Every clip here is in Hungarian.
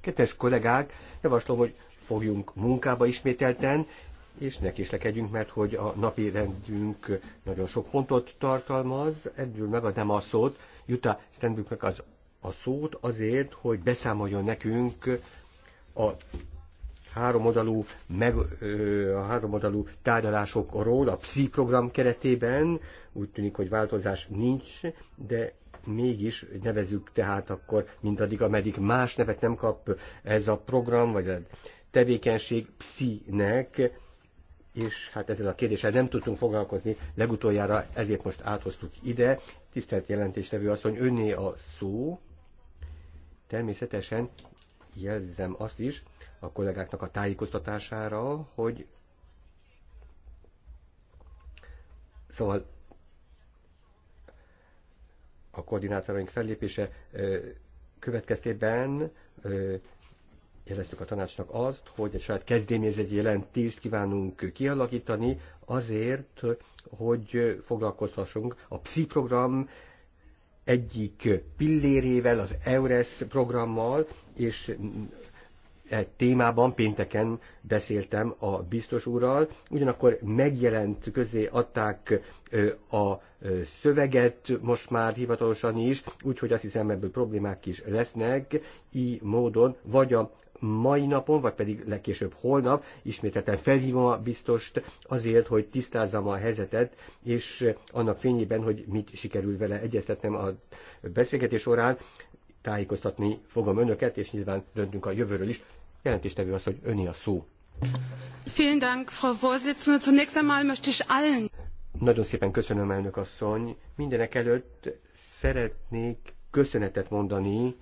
Kedves kollégák, javaslom, hogy fogjunk munkába ismételten, és ne késlekedjünk, mert hogy a napi rendünk nagyon sok pontot tartalmaz. Ebből megadnám a szót Jutta Stenbüknek az, a szót azért, hogy beszámoljon nekünk a háromoldalú, meg, a háromodalú tárgyalásokról a PSZI program keretében. Úgy tűnik, hogy változás nincs, de mégis nevezük tehát akkor addig, ameddig más nevet nem kap ez a program, vagy a tevékenység pszinek, és hát ezzel a kérdéssel nem tudtunk foglalkozni legutoljára, ezért most áthoztuk ide. Tisztelt jelentéstevő asszony, önné a szó. Természetesen jelzem azt is a kollégáknak a tájékoztatására, hogy szóval a koordinátoraink fellépése következtében jeleztük a tanácsnak azt, hogy egy saját kezdeményezett jelentést kívánunk kialakítani azért, hogy foglalkozhassunk a PSZI program egyik pillérével, az EURES programmal, és témában pénteken beszéltem a biztos úrral, ugyanakkor megjelent közé adták a szöveget most már hivatalosan is, úgyhogy azt hiszem ebből problémák is lesznek, így módon vagy a mai napon, vagy pedig legkésőbb holnap ismételten felhívom a biztost azért, hogy tisztázzam a helyzetet, és annak fényében, hogy mit sikerül vele egyeztetnem a beszélgetés során, tájékoztatni fogom önöket, és nyilván döntünk a jövőről is. Jelentéstevő az, hogy öni a szó. Vielen Dank, Frau Vorsitzende. Zunächst einmal möchte ich allen. Nagyon szépen köszönöm, elnök asszony. Mindenek előtt szeretnék köszönetet mondani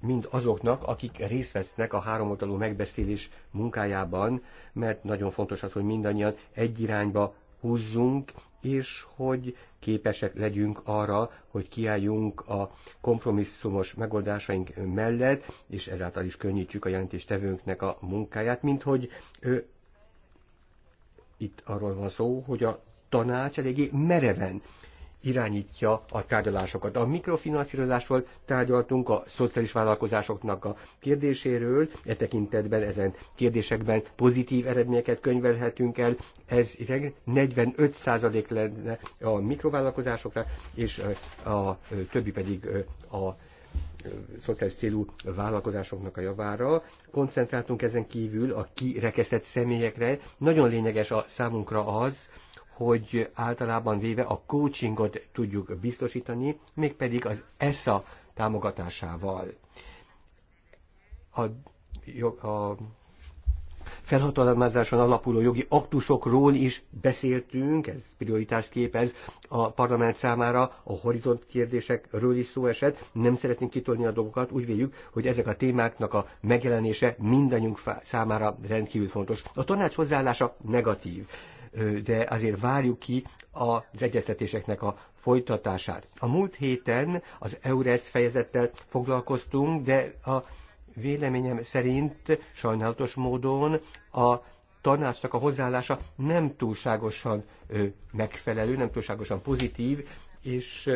mind azoknak, akik részt vesznek a háromoldalú megbeszélés munkájában, mert nagyon fontos az, hogy mindannyian egy irányba húzzunk, és hogy képesek legyünk arra, hogy kiálljunk a kompromisszumos megoldásaink mellett, és ezáltal is könnyítsük a jelentéstevőnknek a munkáját, mint hogy ő, itt arról van szó, hogy a tanács eléggé mereven irányítja a tárgyalásokat. A mikrofinanszírozásról tárgyaltunk, a szociális vállalkozásoknak a kérdéséről, e tekintetben ezen kérdésekben pozitív eredményeket könyvelhetünk el, ez 45% lenne a mikrovállalkozásokra, és a többi pedig a szociális célú vállalkozásoknak a javára. Koncentráltunk ezen kívül a kirekesztett személyekre. Nagyon lényeges a számunkra az, hogy általában véve a coachingot tudjuk biztosítani, mégpedig az ESSA támogatásával. A, a felhatalmazáson alapuló jogi aktusokról is beszéltünk, ez prioritást képez a parlament számára, a horizont kérdésekről is szó esett, nem szeretnénk kitolni a dolgokat, úgy véljük, hogy ezek a témáknak a megjelenése mindannyiunk számára rendkívül fontos. A tanács hozzáállása negatív de azért várjuk ki az egyeztetéseknek a folytatását. A múlt héten az EURES fejezettel foglalkoztunk, de a véleményem szerint sajnálatos módon a tanácsnak a hozzáállása nem túlságosan megfelelő, nem túlságosan pozitív, és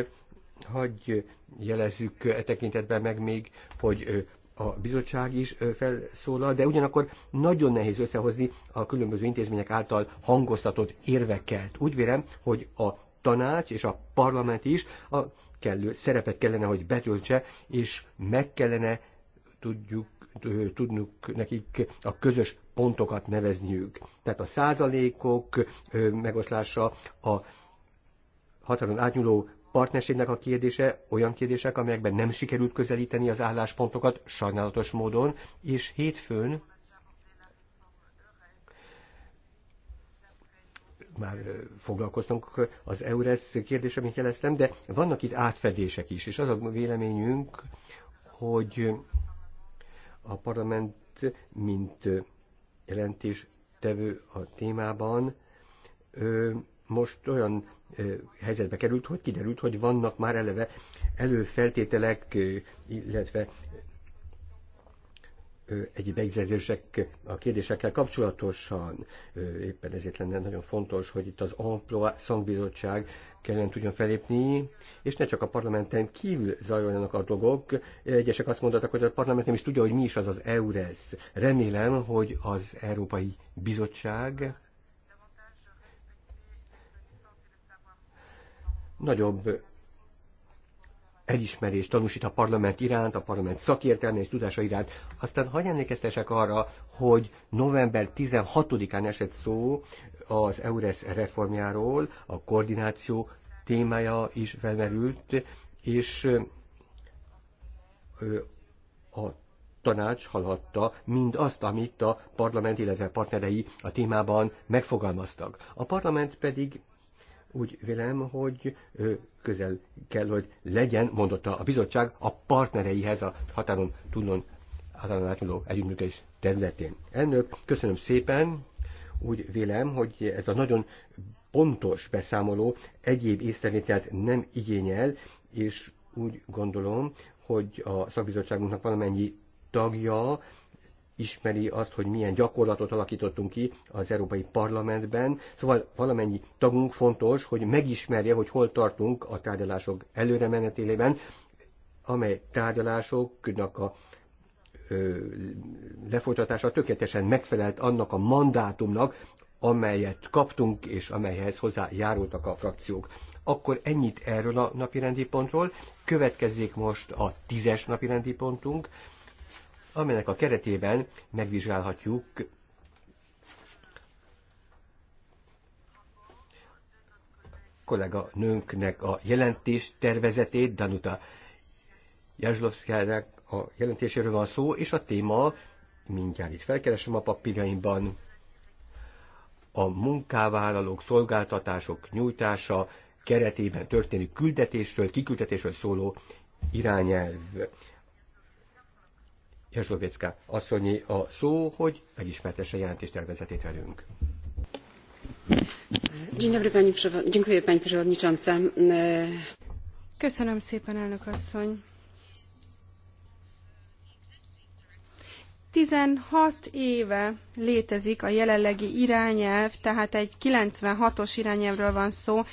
hagy jelezzük e tekintetben meg még, hogy a bizottság is felszólal, de ugyanakkor nagyon nehéz összehozni a különböző intézmények által hangoztatott érvekkel. Úgy vélem, hogy a tanács és a parlament is a kellő szerepet kellene, hogy betöltse, és meg kellene tudjuk tudnunk nekik a közös pontokat nevezniük. Tehát a százalékok megoszlása, a határon átnyúló partnerségnek a kérdése olyan kérdések, amelyekben nem sikerült közelíteni az álláspontokat sajnálatos módon, és hétfőn már foglalkoztunk az EURES kérdése, amit jeleztem, de vannak itt átfedések is, és az a véleményünk, hogy a parlament, mint jelentéstevő a témában, most olyan helyzetbe került, hogy kiderült, hogy vannak már eleve előfeltételek, illetve egy megjegyzések a kérdésekkel kapcsolatosan. Éppen ezért lenne nagyon fontos, hogy itt az Emploi szangbizottság kellene tudjon felépni, és ne csak a parlamenten kívül zajoljanak a dolgok. Egyesek azt mondhatnak, hogy a parlament nem is tudja, hogy mi is az az EURES. Remélem, hogy az Európai Bizottság nagyobb elismerést tanúsít a parlament iránt, a parlament szakértelme és tudása iránt. Aztán hagyj emlékeztesek arra, hogy november 16-án esett szó az EURES reformjáról, a koordináció témája is felmerült, és a tanács haladta azt, amit a parlament, illetve partnerei a témában megfogalmaztak. A parlament pedig úgy vélem, hogy közel kell, hogy legyen, mondotta a bizottság, a partnereihez a határon túlon általán átnyúló együttműködés területén. Elnök, köszönöm szépen, úgy vélem, hogy ez a nagyon pontos beszámoló egyéb észrevételt nem igényel, és úgy gondolom, hogy a szakbizottságunknak valamennyi tagja ismeri azt, hogy milyen gyakorlatot alakítottunk ki az Európai Parlamentben. Szóval valamennyi tagunk fontos, hogy megismerje, hogy hol tartunk a tárgyalások előre menetélében, amely tárgyalásoknak a ö, lefolytatása tökéletesen megfelelt annak a mandátumnak, amelyet kaptunk, és amelyhez hozzájárultak a frakciók. Akkor ennyit erről a napirendi pontról. Következzék most a tízes napirendi pontunk amelynek a keretében megvizsgálhatjuk kollega nőnknek a jelentés tervezetét, Danuta Jászlovszkának a jelentéséről van szó, és a téma, mindjárt itt felkeresem a papírjaimban, a munkávállalók szolgáltatások nyújtása keretében történő küldetésről, kiküldetésről szóló irányelv. Jezsovecka asszonyi a szó, hogy megismertesse jelentés tervezetét velünk. Dzień dobry, pani, dziękuję pani przewodnicząca. Köszönöm szépen, elnök asszony. 16 éve létezik a jelenlegi irányelv, tehát egy 96-os irányelvről van szó,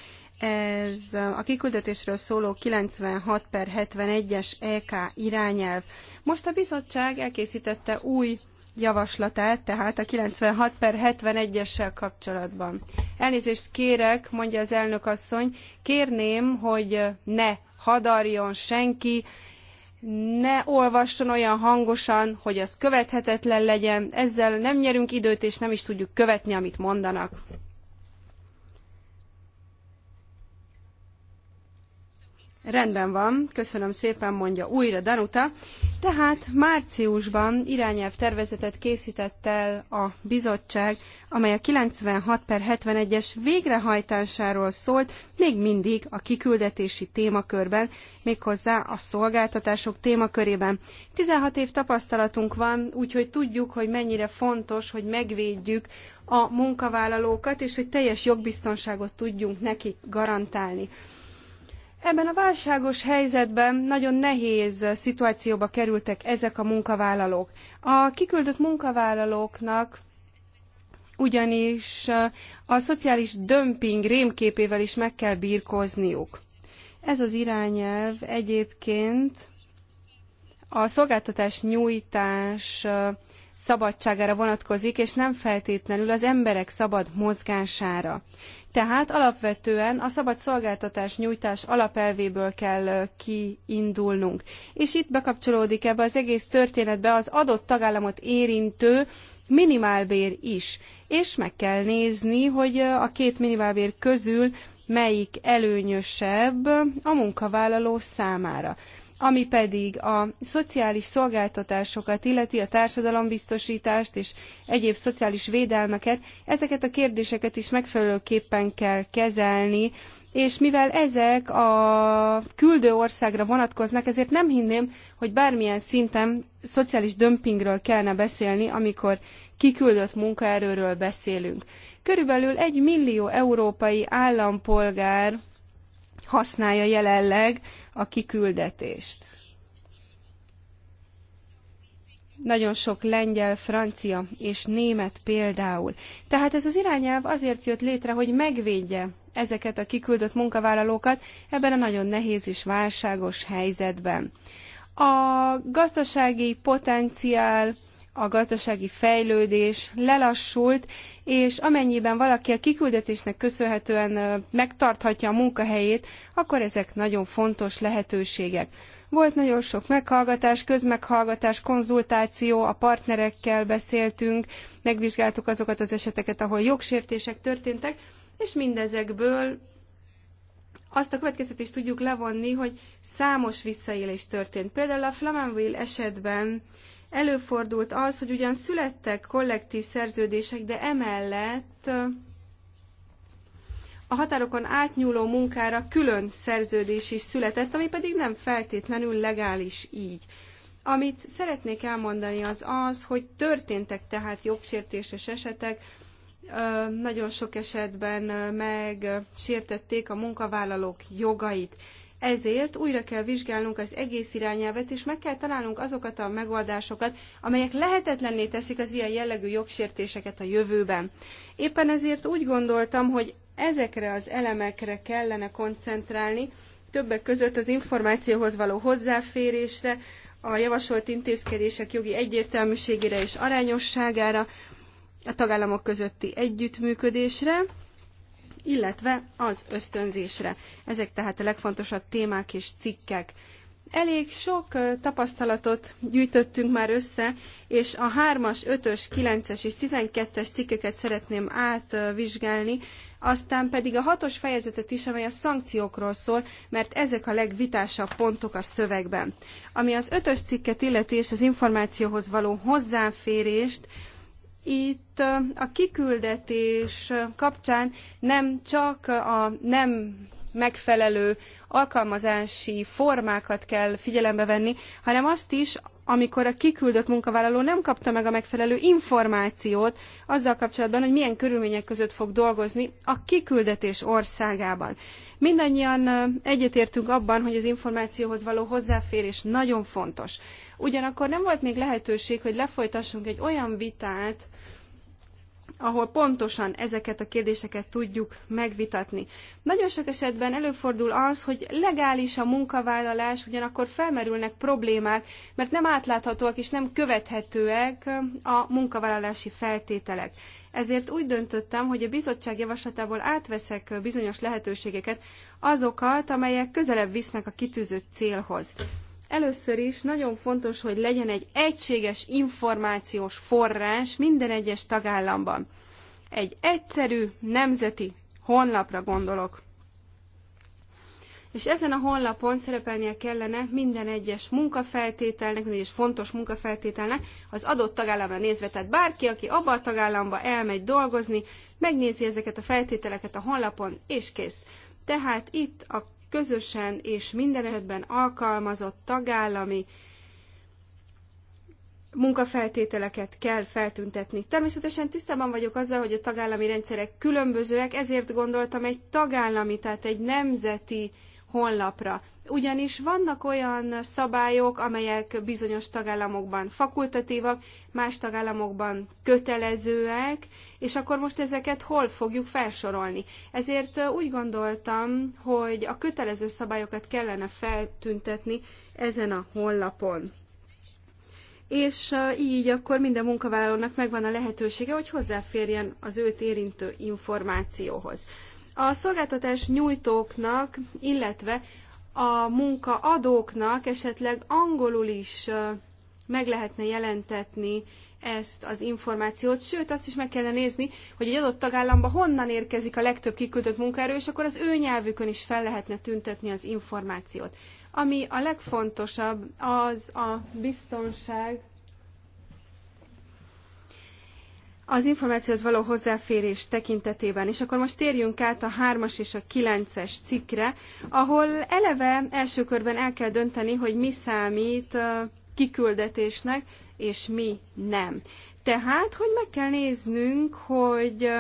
ez a kiküldetésről szóló 96 per 71-es EK irányelv. Most a bizottság elkészítette új javaslatát, tehát a 96 per 71-essel kapcsolatban. Elnézést kérek, mondja az elnök asszony, kérném, hogy ne hadarjon senki, ne olvasson olyan hangosan, hogy az követhetetlen legyen, ezzel nem nyerünk időt, és nem is tudjuk követni, amit mondanak. Rendben van, köszönöm szépen, mondja újra Danuta. Tehát márciusban irányelv tervezetet készített el a bizottság, amely a 96 per 71-es végrehajtásáról szólt, még mindig a kiküldetési témakörben, méghozzá a szolgáltatások témakörében. 16 év tapasztalatunk van, úgyhogy tudjuk, hogy mennyire fontos, hogy megvédjük a munkavállalókat, és hogy teljes jogbiztonságot tudjunk nekik garantálni. Ebben a válságos helyzetben nagyon nehéz szituációba kerültek ezek a munkavállalók. A kiküldött munkavállalóknak ugyanis a szociális dömping rémképével is meg kell birkózniuk. Ez az irányelv egyébként a szolgáltatás nyújtás szabadságára vonatkozik, és nem feltétlenül az emberek szabad mozgására. Tehát alapvetően a szabad szolgáltatás nyújtás alapelvéből kell kiindulnunk. És itt bekapcsolódik ebbe az egész történetbe az adott tagállamot érintő minimálbér is. És meg kell nézni, hogy a két minimálbér közül melyik előnyösebb a munkavállaló számára. Ami pedig a szociális szolgáltatásokat illeti, a társadalombiztosítást és egyéb szociális védelmeket, ezeket a kérdéseket is megfelelőképpen kell kezelni, és mivel ezek a küldő országra vonatkoznak, ezért nem hinném, hogy bármilyen szinten szociális dömpingről kellene beszélni, amikor kiküldött munkaerőről beszélünk. Körülbelül egy millió európai állampolgár használja jelenleg a kiküldetést. Nagyon sok lengyel, francia és német például. Tehát ez az irányelv azért jött létre, hogy megvédje ezeket a kiküldött munkavállalókat ebben a nagyon nehéz és válságos helyzetben. A gazdasági potenciál a gazdasági fejlődés lelassult, és amennyiben valaki a kiküldetésnek köszönhetően megtarthatja a munkahelyét, akkor ezek nagyon fontos lehetőségek. Volt nagyon sok meghallgatás, közmeghallgatás, konzultáció, a partnerekkel beszéltünk, megvizsgáltuk azokat az eseteket, ahol jogsértések történtek, és mindezekből azt a következtetést tudjuk levonni, hogy számos visszaélés történt. Például a Flamanville esetben Előfordult az, hogy ugyan születtek kollektív szerződések, de emellett a határokon átnyúló munkára külön szerződés is született, ami pedig nem feltétlenül legális így. Amit szeretnék elmondani az az, hogy történtek tehát jogsértéses esetek, nagyon sok esetben megsértették a munkavállalók jogait. Ezért újra kell vizsgálnunk az egész irányelvet, és meg kell találnunk azokat a megoldásokat, amelyek lehetetlenné teszik az ilyen jellegű jogsértéseket a jövőben. Éppen ezért úgy gondoltam, hogy ezekre az elemekre kellene koncentrálni, többek között az információhoz való hozzáférésre, a javasolt intézkedések jogi egyértelműségére és arányosságára, a tagállamok közötti együttműködésre, illetve az ösztönzésre. Ezek tehát a legfontosabb témák és cikkek. Elég sok tapasztalatot gyűjtöttünk már össze, és a 3-as, 5-ös, 9-es és 12-es cikkeket szeretném átvizsgálni, aztán pedig a 6-os fejezetet is, amely a szankciókról szól, mert ezek a legvitásabb pontok a szövegben. Ami az 5-ös cikket illeti és az információhoz való hozzáférést, itt a kiküldetés kapcsán nem csak a nem megfelelő alkalmazási formákat kell figyelembe venni, hanem azt is, amikor a kiküldött munkavállaló nem kapta meg a megfelelő információt azzal kapcsolatban, hogy milyen körülmények között fog dolgozni a kiküldetés országában. Mindannyian egyetértünk abban, hogy az információhoz való hozzáférés nagyon fontos. Ugyanakkor nem volt még lehetőség, hogy lefolytassunk egy olyan vitát, ahol pontosan ezeket a kérdéseket tudjuk megvitatni. Nagyon sok esetben előfordul az, hogy legális a munkavállalás, ugyanakkor felmerülnek problémák, mert nem átláthatóak és nem követhetőek a munkavállalási feltételek. Ezért úgy döntöttem, hogy a bizottság javaslatából átveszek bizonyos lehetőségeket, azokat, amelyek közelebb visznek a kitűzött célhoz. Először is nagyon fontos, hogy legyen egy egységes információs forrás minden egyes tagállamban. Egy egyszerű nemzeti honlapra gondolok. És ezen a honlapon szerepelnie kellene minden egyes munkafeltételnek, minden egyes fontos munkafeltételnek az adott tagállamra nézve. Tehát bárki, aki abba a tagállamba elmegy dolgozni, megnézi ezeket a feltételeket a honlapon, és kész. Tehát itt a közösen és minden esetben alkalmazott tagállami munkafeltételeket kell feltüntetni. Természetesen tisztában vagyok azzal, hogy a tagállami rendszerek különbözőek, ezért gondoltam egy tagállami, tehát egy nemzeti honlapra. Ugyanis vannak olyan szabályok, amelyek bizonyos tagállamokban fakultatívak, más tagállamokban kötelezőek, és akkor most ezeket hol fogjuk felsorolni. Ezért úgy gondoltam, hogy a kötelező szabályokat kellene feltüntetni ezen a honlapon és így akkor minden munkavállalónak megvan a lehetősége, hogy hozzáférjen az őt érintő információhoz a szolgáltatás nyújtóknak, illetve a munkaadóknak esetleg angolul is meg lehetne jelentetni ezt az információt, sőt azt is meg kellene nézni, hogy egy adott tagállamba honnan érkezik a legtöbb kiküldött munkaerő, és akkor az ő nyelvükön is fel lehetne tüntetni az információt. Ami a legfontosabb, az a biztonság az információhoz való hozzáférés tekintetében. És akkor most térjünk át a 3-as és a 9-es cikkre, ahol eleve első körben el kell dönteni, hogy mi számít kiküldetésnek, és mi nem. Tehát, hogy meg kell néznünk, hogy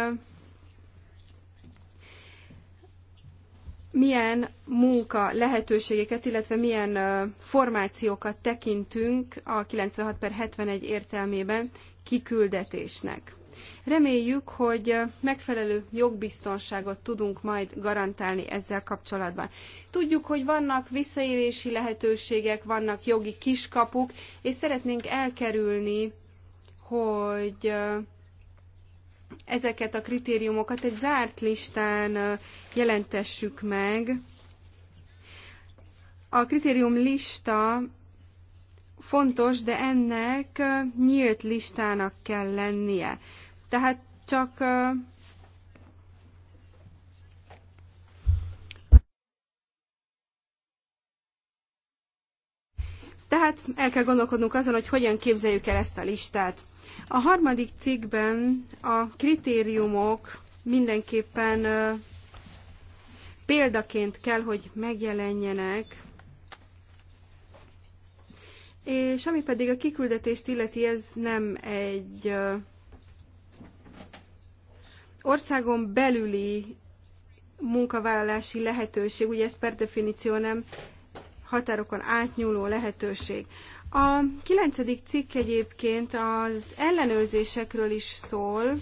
milyen munka lehetőségeket, illetve milyen formációkat tekintünk a 96 per 71 értelmében kiküldetésnek. Reméljük, hogy megfelelő jogbiztonságot tudunk majd garantálni ezzel kapcsolatban. Tudjuk, hogy vannak visszaélési lehetőségek, vannak jogi kiskapuk, és szeretnénk elkerülni, hogy ezeket a kritériumokat egy zárt listán jelentessük meg. A kritérium lista fontos, de ennek nyílt listának kell lennie. Tehát csak Tehát el kell gondolkodnunk azon, hogy hogyan képzeljük el ezt a listát. A harmadik cikkben a kritériumok mindenképpen példaként kell, hogy megjelenjenek, és ami pedig a kiküldetést illeti, ez nem egy országon belüli munkavállalási lehetőség, ugye ez per definíció nem határokon átnyúló lehetőség. A kilencedik cikk egyébként az ellenőrzésekről is szól,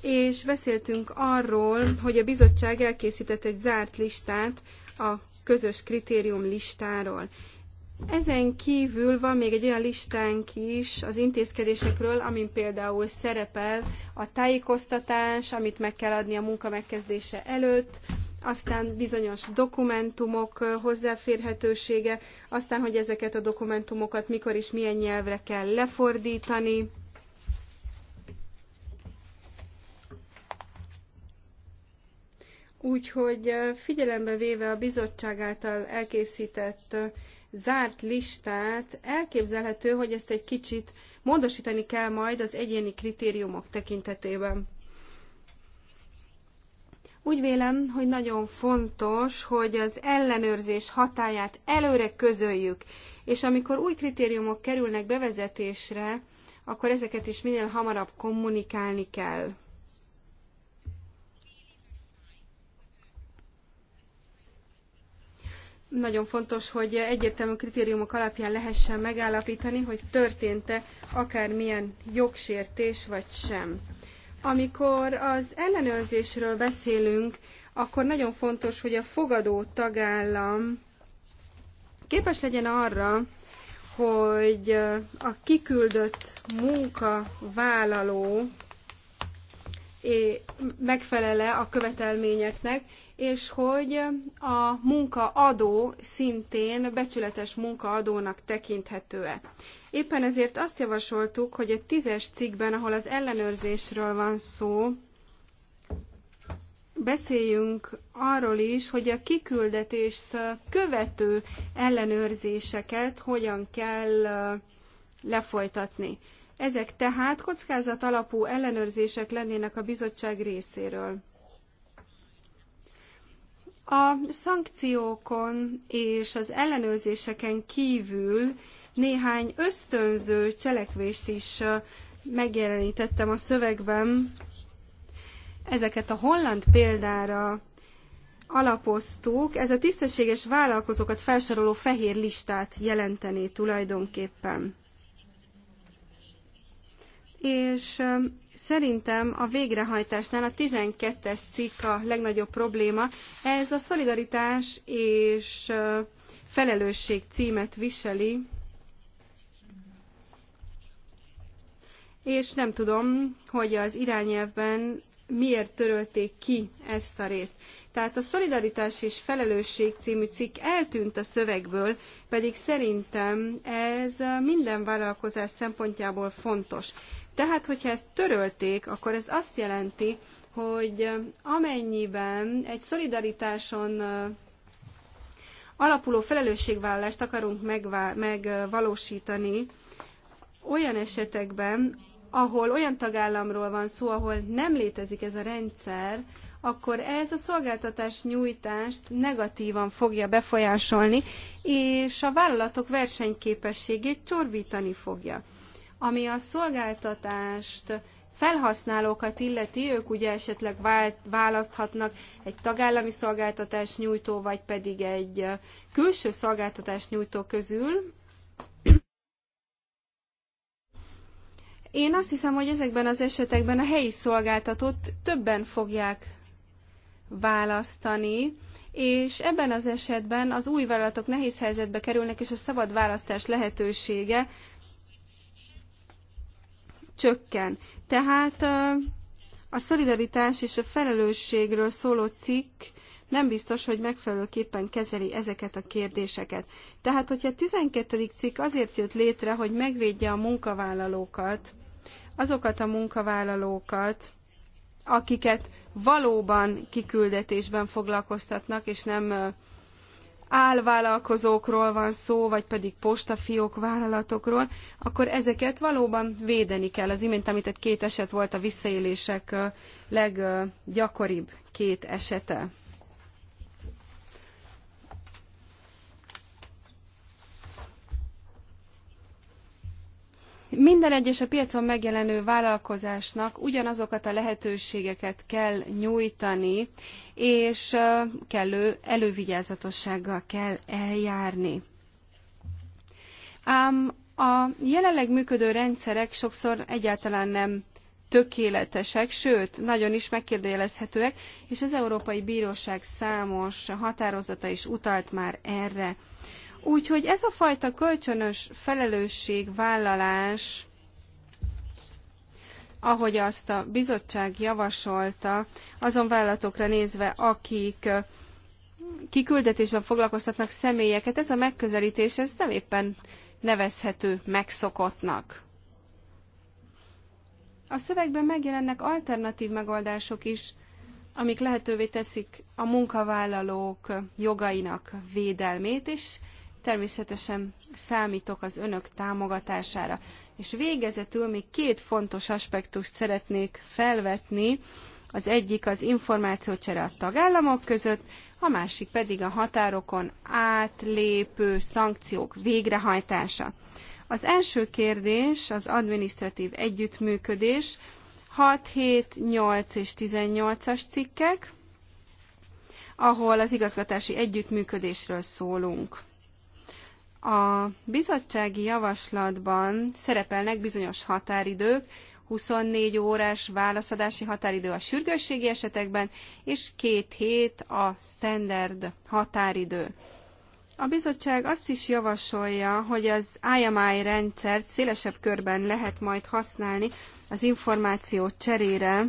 és beszéltünk arról, hogy a bizottság elkészített egy zárt listát a közös kritérium listáról. Ezen kívül van még egy olyan listánk is az intézkedésekről, amin például szerepel a tájékoztatás, amit meg kell adni a munka megkezdése előtt, aztán bizonyos dokumentumok hozzáférhetősége, aztán, hogy ezeket a dokumentumokat mikor és milyen nyelvre kell lefordítani. Úgyhogy figyelembe véve a bizottság által elkészített zárt listát, elképzelhető, hogy ezt egy kicsit módosítani kell majd az egyéni kritériumok tekintetében. Úgy vélem, hogy nagyon fontos, hogy az ellenőrzés hatáját előre közöljük, és amikor új kritériumok kerülnek bevezetésre, akkor ezeket is minél hamarabb kommunikálni kell. nagyon fontos, hogy egyértelmű kritériumok alapján lehessen megállapítani, hogy történt-e akármilyen jogsértés vagy sem. Amikor az ellenőrzésről beszélünk, akkor nagyon fontos, hogy a fogadó tagállam képes legyen arra, hogy a kiküldött munkavállaló megfelele a követelményeknek, és hogy a munkaadó szintén becsületes munkaadónak tekinthető-e. Éppen ezért azt javasoltuk, hogy a tízes cikkben, ahol az ellenőrzésről van szó, beszéljünk arról is, hogy a kiküldetést követő ellenőrzéseket hogyan kell lefolytatni. Ezek tehát kockázat alapú ellenőrzések lennének a bizottság részéről. A szankciókon és az ellenőrzéseken kívül néhány ösztönző cselekvést is megjelenítettem a szövegben. Ezeket a holland példára alapoztuk. Ez a tisztességes vállalkozókat felsoroló fehér listát jelentené tulajdonképpen és szerintem a végrehajtásnál a 12-es cikk a legnagyobb probléma. Ez a szolidaritás és felelősség címet viseli, és nem tudom, hogy az irányelvben miért törölték ki ezt a részt. Tehát a szolidaritás és felelősség című cikk eltűnt a szövegből, pedig szerintem ez minden vállalkozás szempontjából fontos. Tehát, hogyha ezt törölték, akkor ez azt jelenti, hogy amennyiben egy szolidaritáson alapuló felelősségvállalást akarunk megvalósítani, olyan esetekben, ahol olyan tagállamról van szó, ahol nem létezik ez a rendszer, akkor ez a szolgáltatás nyújtást negatívan fogja befolyásolni, és a vállalatok versenyképességét csorbítani fogja. Ami a szolgáltatást, felhasználókat illeti, ők ugye esetleg választhatnak egy tagállami szolgáltatás nyújtó, vagy pedig egy külső szolgáltatás nyújtó közül. Én azt hiszem, hogy ezekben az esetekben a helyi szolgáltatót többen fogják választani, és ebben az esetben az új vállalatok nehéz helyzetbe kerülnek, és a szabad választás lehetősége csökken. Tehát a szolidaritás és a felelősségről szóló cikk nem biztos, hogy megfelelőképpen kezeli ezeket a kérdéseket. Tehát, hogyha a 12. cikk azért jött létre, hogy megvédje a munkavállalókat, azokat a munkavállalókat, akiket valóban kiküldetésben foglalkoztatnak, és nem álvállalkozókról van szó, vagy pedig postafiók vállalatokról, akkor ezeket valóban védeni kell. Az imént említett két eset volt a visszaélések leggyakoribb két esete. Minden egyes a piacon megjelenő vállalkozásnak ugyanazokat a lehetőségeket kell nyújtani, és kellő elővigyázatossággal kell eljárni. Ám a jelenleg működő rendszerek sokszor egyáltalán nem tökéletesek, sőt, nagyon is megkérdőjelezhetőek, és az Európai Bíróság számos határozata is utalt már erre. Úgyhogy ez a fajta kölcsönös felelősségvállalás, ahogy azt a bizottság javasolta, azon vállalatokra nézve, akik kiküldetésben foglalkoztatnak személyeket, ez a megközelítés ez nem éppen nevezhető megszokottnak. A szövegben megjelennek alternatív megoldások is, amik lehetővé teszik a munkavállalók jogainak védelmét, és Természetesen számítok az önök támogatására. És végezetül még két fontos aspektust szeretnék felvetni. Az egyik az információcsere a tagállamok között, a másik pedig a határokon átlépő szankciók végrehajtása. Az első kérdés az administratív együttműködés, 6, 7, 8 és 18-as cikkek, ahol az igazgatási együttműködésről szólunk. A bizottsági javaslatban szerepelnek bizonyos határidők, 24 órás válaszadási határidő a sürgősségi esetekben, és két hét a standard határidő. A bizottság azt is javasolja, hogy az IMI rendszert szélesebb körben lehet majd használni az információ cserére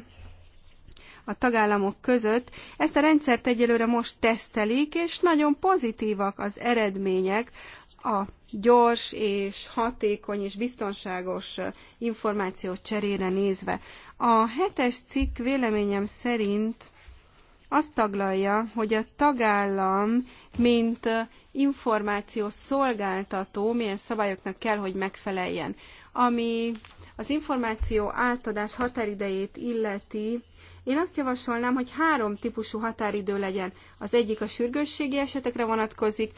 a tagállamok között. Ezt a rendszert egyelőre most tesztelik, és nagyon pozitívak az eredmények a gyors és hatékony és biztonságos információ cserére nézve. A hetes cikk véleményem szerint azt taglalja, hogy a tagállam, mint információ szolgáltató milyen szabályoknak kell, hogy megfeleljen. Ami az információ átadás határidejét illeti, én azt javasolnám, hogy három típusú határidő legyen. Az egyik a sürgősségi esetekre vonatkozik,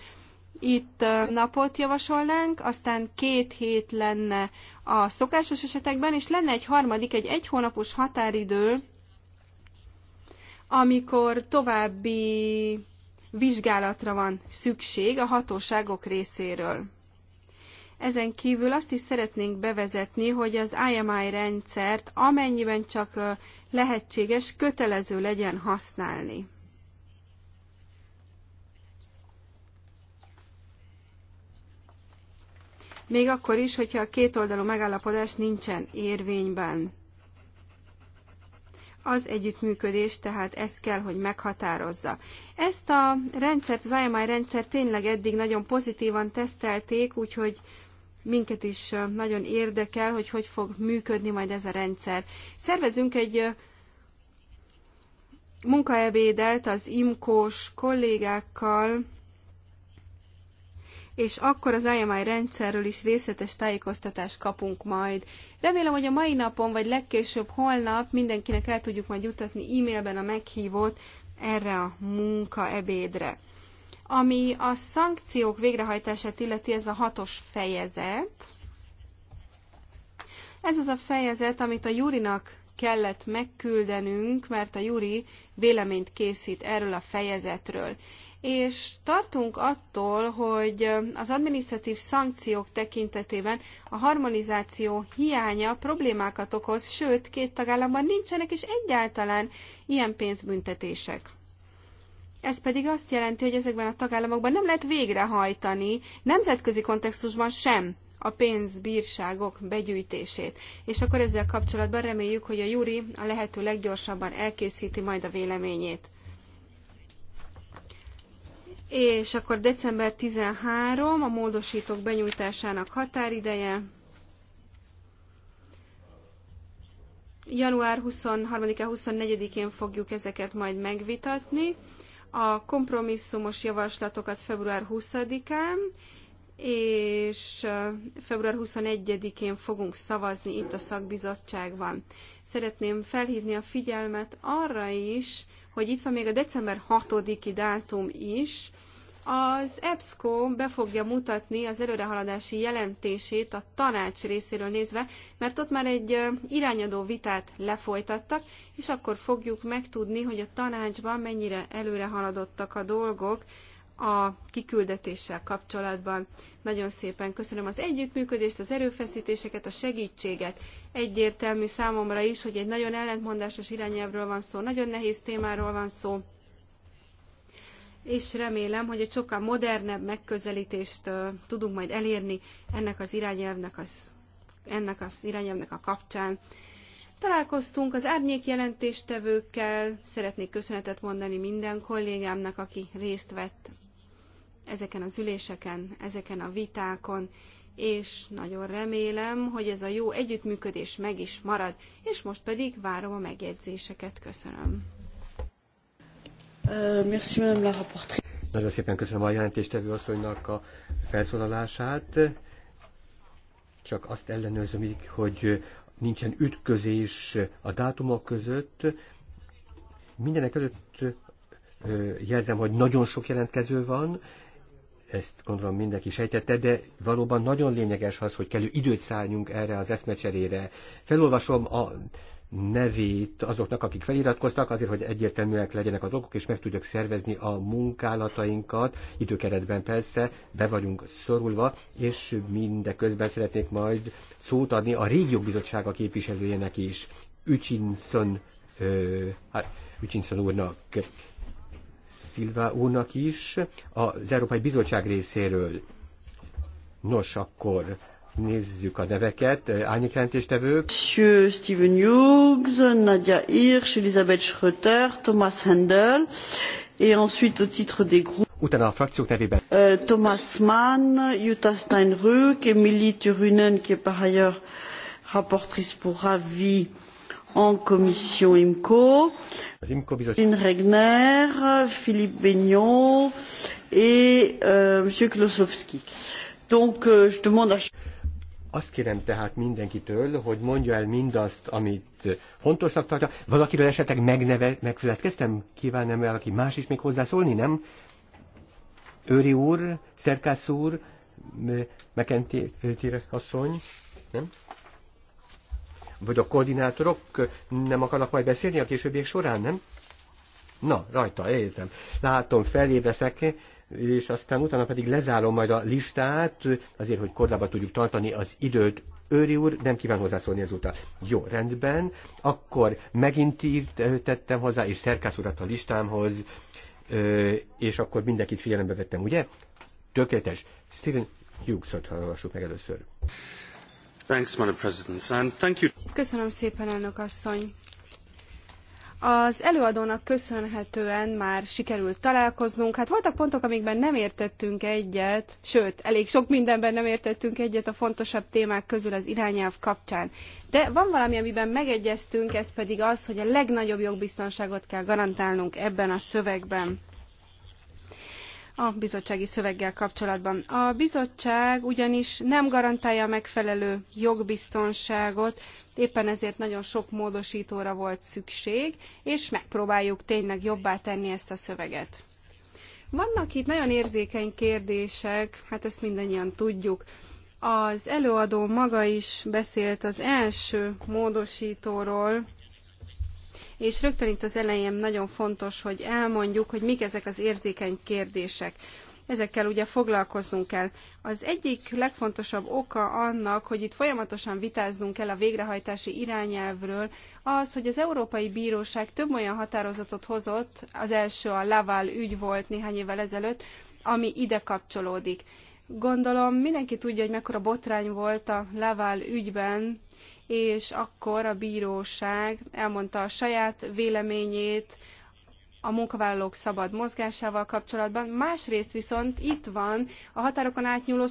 itt napot javasolnánk, aztán két hét lenne a szokásos esetekben, és lenne egy harmadik, egy egy hónapos határidő, amikor további vizsgálatra van szükség a hatóságok részéről. Ezen kívül azt is szeretnénk bevezetni, hogy az IMI rendszert amennyiben csak lehetséges, kötelező legyen használni. még akkor is, hogyha a kétoldalú megállapodás nincsen érvényben. Az együttműködés, tehát ez kell, hogy meghatározza. Ezt a rendszert, az IMI rendszer tényleg eddig nagyon pozitívan tesztelték, úgyhogy minket is nagyon érdekel, hogy hogy fog működni majd ez a rendszer. Szervezünk egy munkaebédet az imkós kollégákkal, és akkor az IMI rendszerről is részletes tájékoztatást kapunk majd. Remélem, hogy a mai napon, vagy legkésőbb holnap mindenkinek el tudjuk majd jutatni e-mailben a meghívót erre a munkaebédre. Ami a szankciók végrehajtását illeti, ez a hatos fejezet. Ez az a fejezet, amit a Júrinak kellett megküldenünk, mert a Júri véleményt készít erről a fejezetről és tartunk attól, hogy az administratív szankciók tekintetében a harmonizáció hiánya problémákat okoz, sőt, két tagállamban nincsenek és egyáltalán ilyen pénzbüntetések. Ez pedig azt jelenti, hogy ezekben a tagállamokban nem lehet végrehajtani, nemzetközi kontextusban sem a pénzbírságok begyűjtését. És akkor ezzel kapcsolatban reméljük, hogy a Júri a lehető leggyorsabban elkészíti majd a véleményét. És akkor december 13 a módosítók benyújtásának határideje. Január 23-24-én fogjuk ezeket majd megvitatni. A kompromisszumos javaslatokat február 20-án, és február 21-én fogunk szavazni itt a szakbizottságban. Szeretném felhívni a figyelmet arra is, hogy itt van még a december 6-i dátum is, az EBSCO be fogja mutatni az előrehaladási jelentését a tanács részéről nézve, mert ott már egy irányadó vitát lefolytattak, és akkor fogjuk megtudni, hogy a tanácsban mennyire előrehaladottak a dolgok, a kiküldetéssel kapcsolatban. Nagyon szépen köszönöm az együttműködést, az erőfeszítéseket, a segítséget. Egyértelmű számomra is, hogy egy nagyon ellentmondásos irányelvről van szó, nagyon nehéz témáról van szó, és remélem, hogy egy sokkal modernebb megközelítést tudunk majd elérni ennek az irányelvnek, az, ennek az irányelvnek a kapcsán. Találkoztunk az árnyék jelentéstevőkkel, szeretnék köszönetet mondani minden kollégámnak, aki részt vett ezeken az üléseken, ezeken a vitákon, és nagyon remélem, hogy ez a jó együttműködés meg is marad, és most pedig várom a megjegyzéseket. Köszönöm. Euh, nagyon szépen köszönöm a jelentéstevő asszonynak a felszólalását. Csak azt ellenőrzöm, hogy nincsen ütközés a dátumok között. Mindenek előtt jelzem, hogy nagyon sok jelentkező van, ezt gondolom mindenki sejtette, de valóban nagyon lényeges az, hogy kellő időt szálljunk erre az eszmecserére. Felolvasom a nevét azoknak, akik feliratkoztak, azért, hogy egyértelműek legyenek a dolgok, és meg tudjuk szervezni a munkálatainkat, időkeretben persze, be vagyunk szorulva, és mindeközben szeretnék majd szót adni a Régiók Bizottsága képviselőjének is, Ücsinszon, ö, hát, úrnak. Szilva úrnak is az Európai Bizottság részéről. Nos, akkor nézzük a neveket. Árnyék jelentéstevők. Monsieur Steven Hughes, Nadia Hirsch, Elizabeth Schröter, Thomas Handel, et ensuite au titre des groupes. Utána a frakciók nevében. Uh, Thomas Mann, Jutta Steinrück, Emily Turunen, qui est par ailleurs rapportrice pour avis en commission IMCO, Lynn Regner, Philippe Beignon et euh, M. Klosowski. Donc, euh, je demande à azt kérem tehát mindenkitől, hogy mondja el mindazt, amit fontosnak tartja. Valakiről esetleg megneve, megfeledkeztem? Kívánom el, aki más is még hozzászólni, nem? Őri úr, Szerkász úr, Mekentére asszony, nem? Vagy a koordinátorok nem akarnak majd beszélni a későbbiek során, nem? Na, rajta, értem. Látom, felébreszek, és aztán utána pedig lezárom majd a listát, azért, hogy kordába tudjuk tartani az időt. Őri úr nem kíván hozzászólni ezúttal. Jó, rendben. Akkor megint írt, tettem hozzá, és szerkász urat a listámhoz, és akkor mindenkit figyelembe vettem, ugye? Tökéletes. Steven Hughes-ot hallgassuk meg először. Köszönöm szépen, elnök asszony. Az előadónak köszönhetően már sikerült találkoznunk. Hát voltak pontok, amikben nem értettünk egyet, sőt, elég sok mindenben nem értettünk egyet a fontosabb témák közül az irányelv kapcsán. De van valami, amiben megegyeztünk, ez pedig az, hogy a legnagyobb jogbiztonságot kell garantálnunk ebben a szövegben a bizottsági szöveggel kapcsolatban. A bizottság ugyanis nem garantálja megfelelő jogbiztonságot, éppen ezért nagyon sok módosítóra volt szükség, és megpróbáljuk tényleg jobbá tenni ezt a szöveget. Vannak itt nagyon érzékeny kérdések, hát ezt mindannyian tudjuk. Az előadó maga is beszélt az első módosítóról, és rögtön itt az elején nagyon fontos, hogy elmondjuk, hogy mik ezek az érzékeny kérdések. Ezekkel ugye foglalkoznunk kell. Az egyik legfontosabb oka annak, hogy itt folyamatosan vitáznunk kell a végrehajtási irányelvről, az, hogy az Európai Bíróság több olyan határozatot hozott, az első a Laval ügy volt néhány évvel ezelőtt, ami ide kapcsolódik. Gondolom mindenki tudja, hogy mekkora botrány volt a Laval ügyben, és akkor a bíróság elmondta a saját véleményét a munkavállalók szabad mozgásával kapcsolatban, másrészt viszont itt van a határokon átnyúló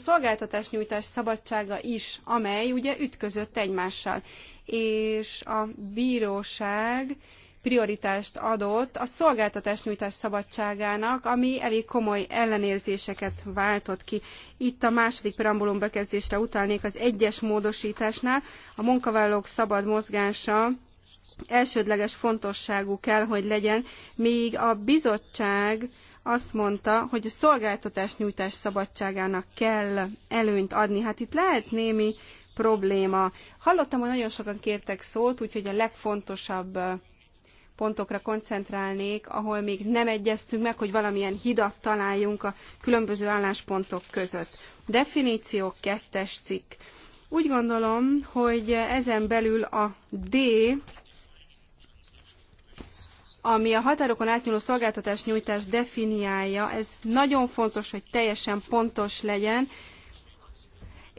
nyújtás szabadsága is, amely ugye ütközött egymással. És a bíróság prioritást adott a szolgáltatás nyújtás szabadságának, ami elég komoly ellenérzéseket váltott ki. Itt a második preambulum bekezdésre utalnék az egyes módosításnál. A munkavállalók szabad mozgása elsődleges fontosságú kell, hogy legyen, míg a bizottság azt mondta, hogy a szolgáltatás nyújtás szabadságának kell előnyt adni. Hát itt lehet némi probléma. Hallottam, hogy nagyon sokan kértek szót, úgyhogy a legfontosabb pontokra koncentrálnék, ahol még nem egyeztünk meg, hogy valamilyen hidat találjunk a különböző álláspontok között. Definíció kettes cikk. Úgy gondolom, hogy ezen belül a D, ami a határokon átnyúló szolgáltatás nyújtás definiálja, ez nagyon fontos, hogy teljesen pontos legyen,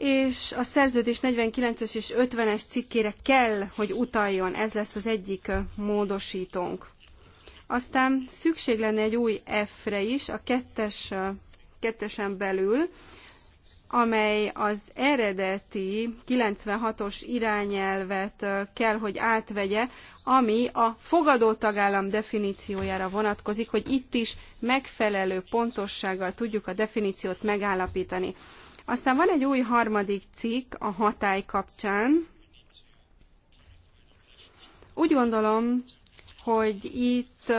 és a szerződés 49-es és 50-es cikkére kell, hogy utaljon, ez lesz az egyik módosítónk. Aztán szükség lenne egy új F-re is, a kettes, kettesen belül, amely az eredeti 96-os irányelvet kell, hogy átvegye, ami a fogadó tagállam definíciójára vonatkozik, hogy itt is megfelelő pontossággal tudjuk a definíciót megállapítani. Aztán van egy új harmadik cikk a hatály kapcsán. Úgy gondolom, hogy itt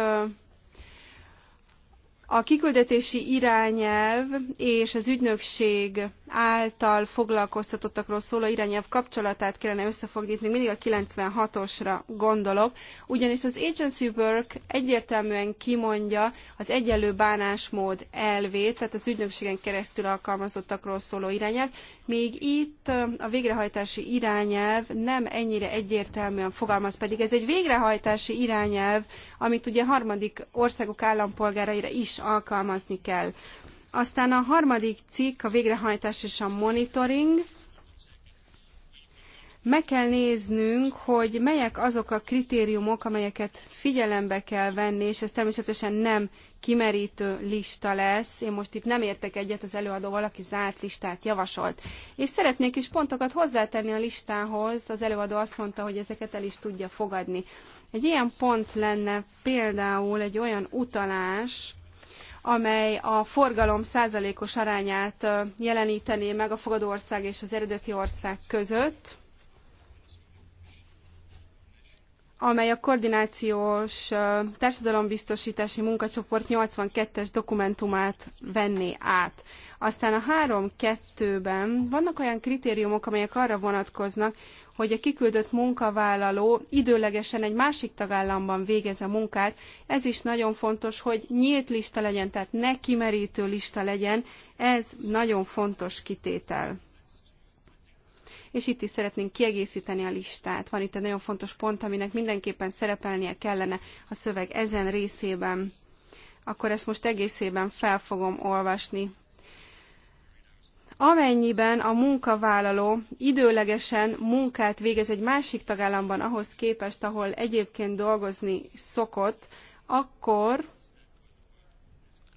a kiküldetési irányelv és az ügynökség által foglalkoztatottakról szóló irányelv kapcsolatát kellene összefogni, itt még mindig a 96-osra gondolok, ugyanis az Agency Work egyértelműen kimondja az egyenlő bánásmód elvét, tehát az ügynökségen keresztül alkalmazottakról szóló irányelv, még itt a végrehajtási irányelv nem ennyire egyértelműen fogalmaz, pedig ez egy végrehajtási irányelv, amit ugye harmadik országok állampolgáraira is alkalmazni kell. Aztán a harmadik cikk, a végrehajtás és a monitoring. Meg kell néznünk, hogy melyek azok a kritériumok, amelyeket figyelembe kell venni, és ez természetesen nem kimerítő lista lesz. Én most itt nem értek egyet az előadóval, aki zárt listát javasolt. És szeretnék is pontokat hozzátenni a listához. Az előadó azt mondta, hogy ezeket el is tudja fogadni. Egy ilyen pont lenne például egy olyan utalás, amely a forgalom százalékos arányát jelenítené meg a fogadó ország és az eredeti ország között, amely a koordinációs társadalombiztosítási munkacsoport 82-es dokumentumát venné át. Aztán a 3-2-ben vannak olyan kritériumok, amelyek arra vonatkoznak, hogy a kiküldött munkavállaló időlegesen egy másik tagállamban végez a munkát. Ez is nagyon fontos, hogy nyílt lista legyen, tehát ne kimerítő lista legyen. Ez nagyon fontos kitétel és itt is szeretnénk kiegészíteni a listát. Van itt egy nagyon fontos pont, aminek mindenképpen szerepelnie kellene a szöveg ezen részében. Akkor ezt most egészében fel fogom olvasni amennyiben a munkavállaló időlegesen munkát végez egy másik tagállamban ahhoz képest, ahol egyébként dolgozni szokott, akkor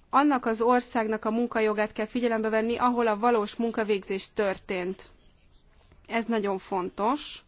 annak az országnak a munkajogát kell figyelembe venni, ahol a valós munkavégzés történt. Ez nagyon fontos,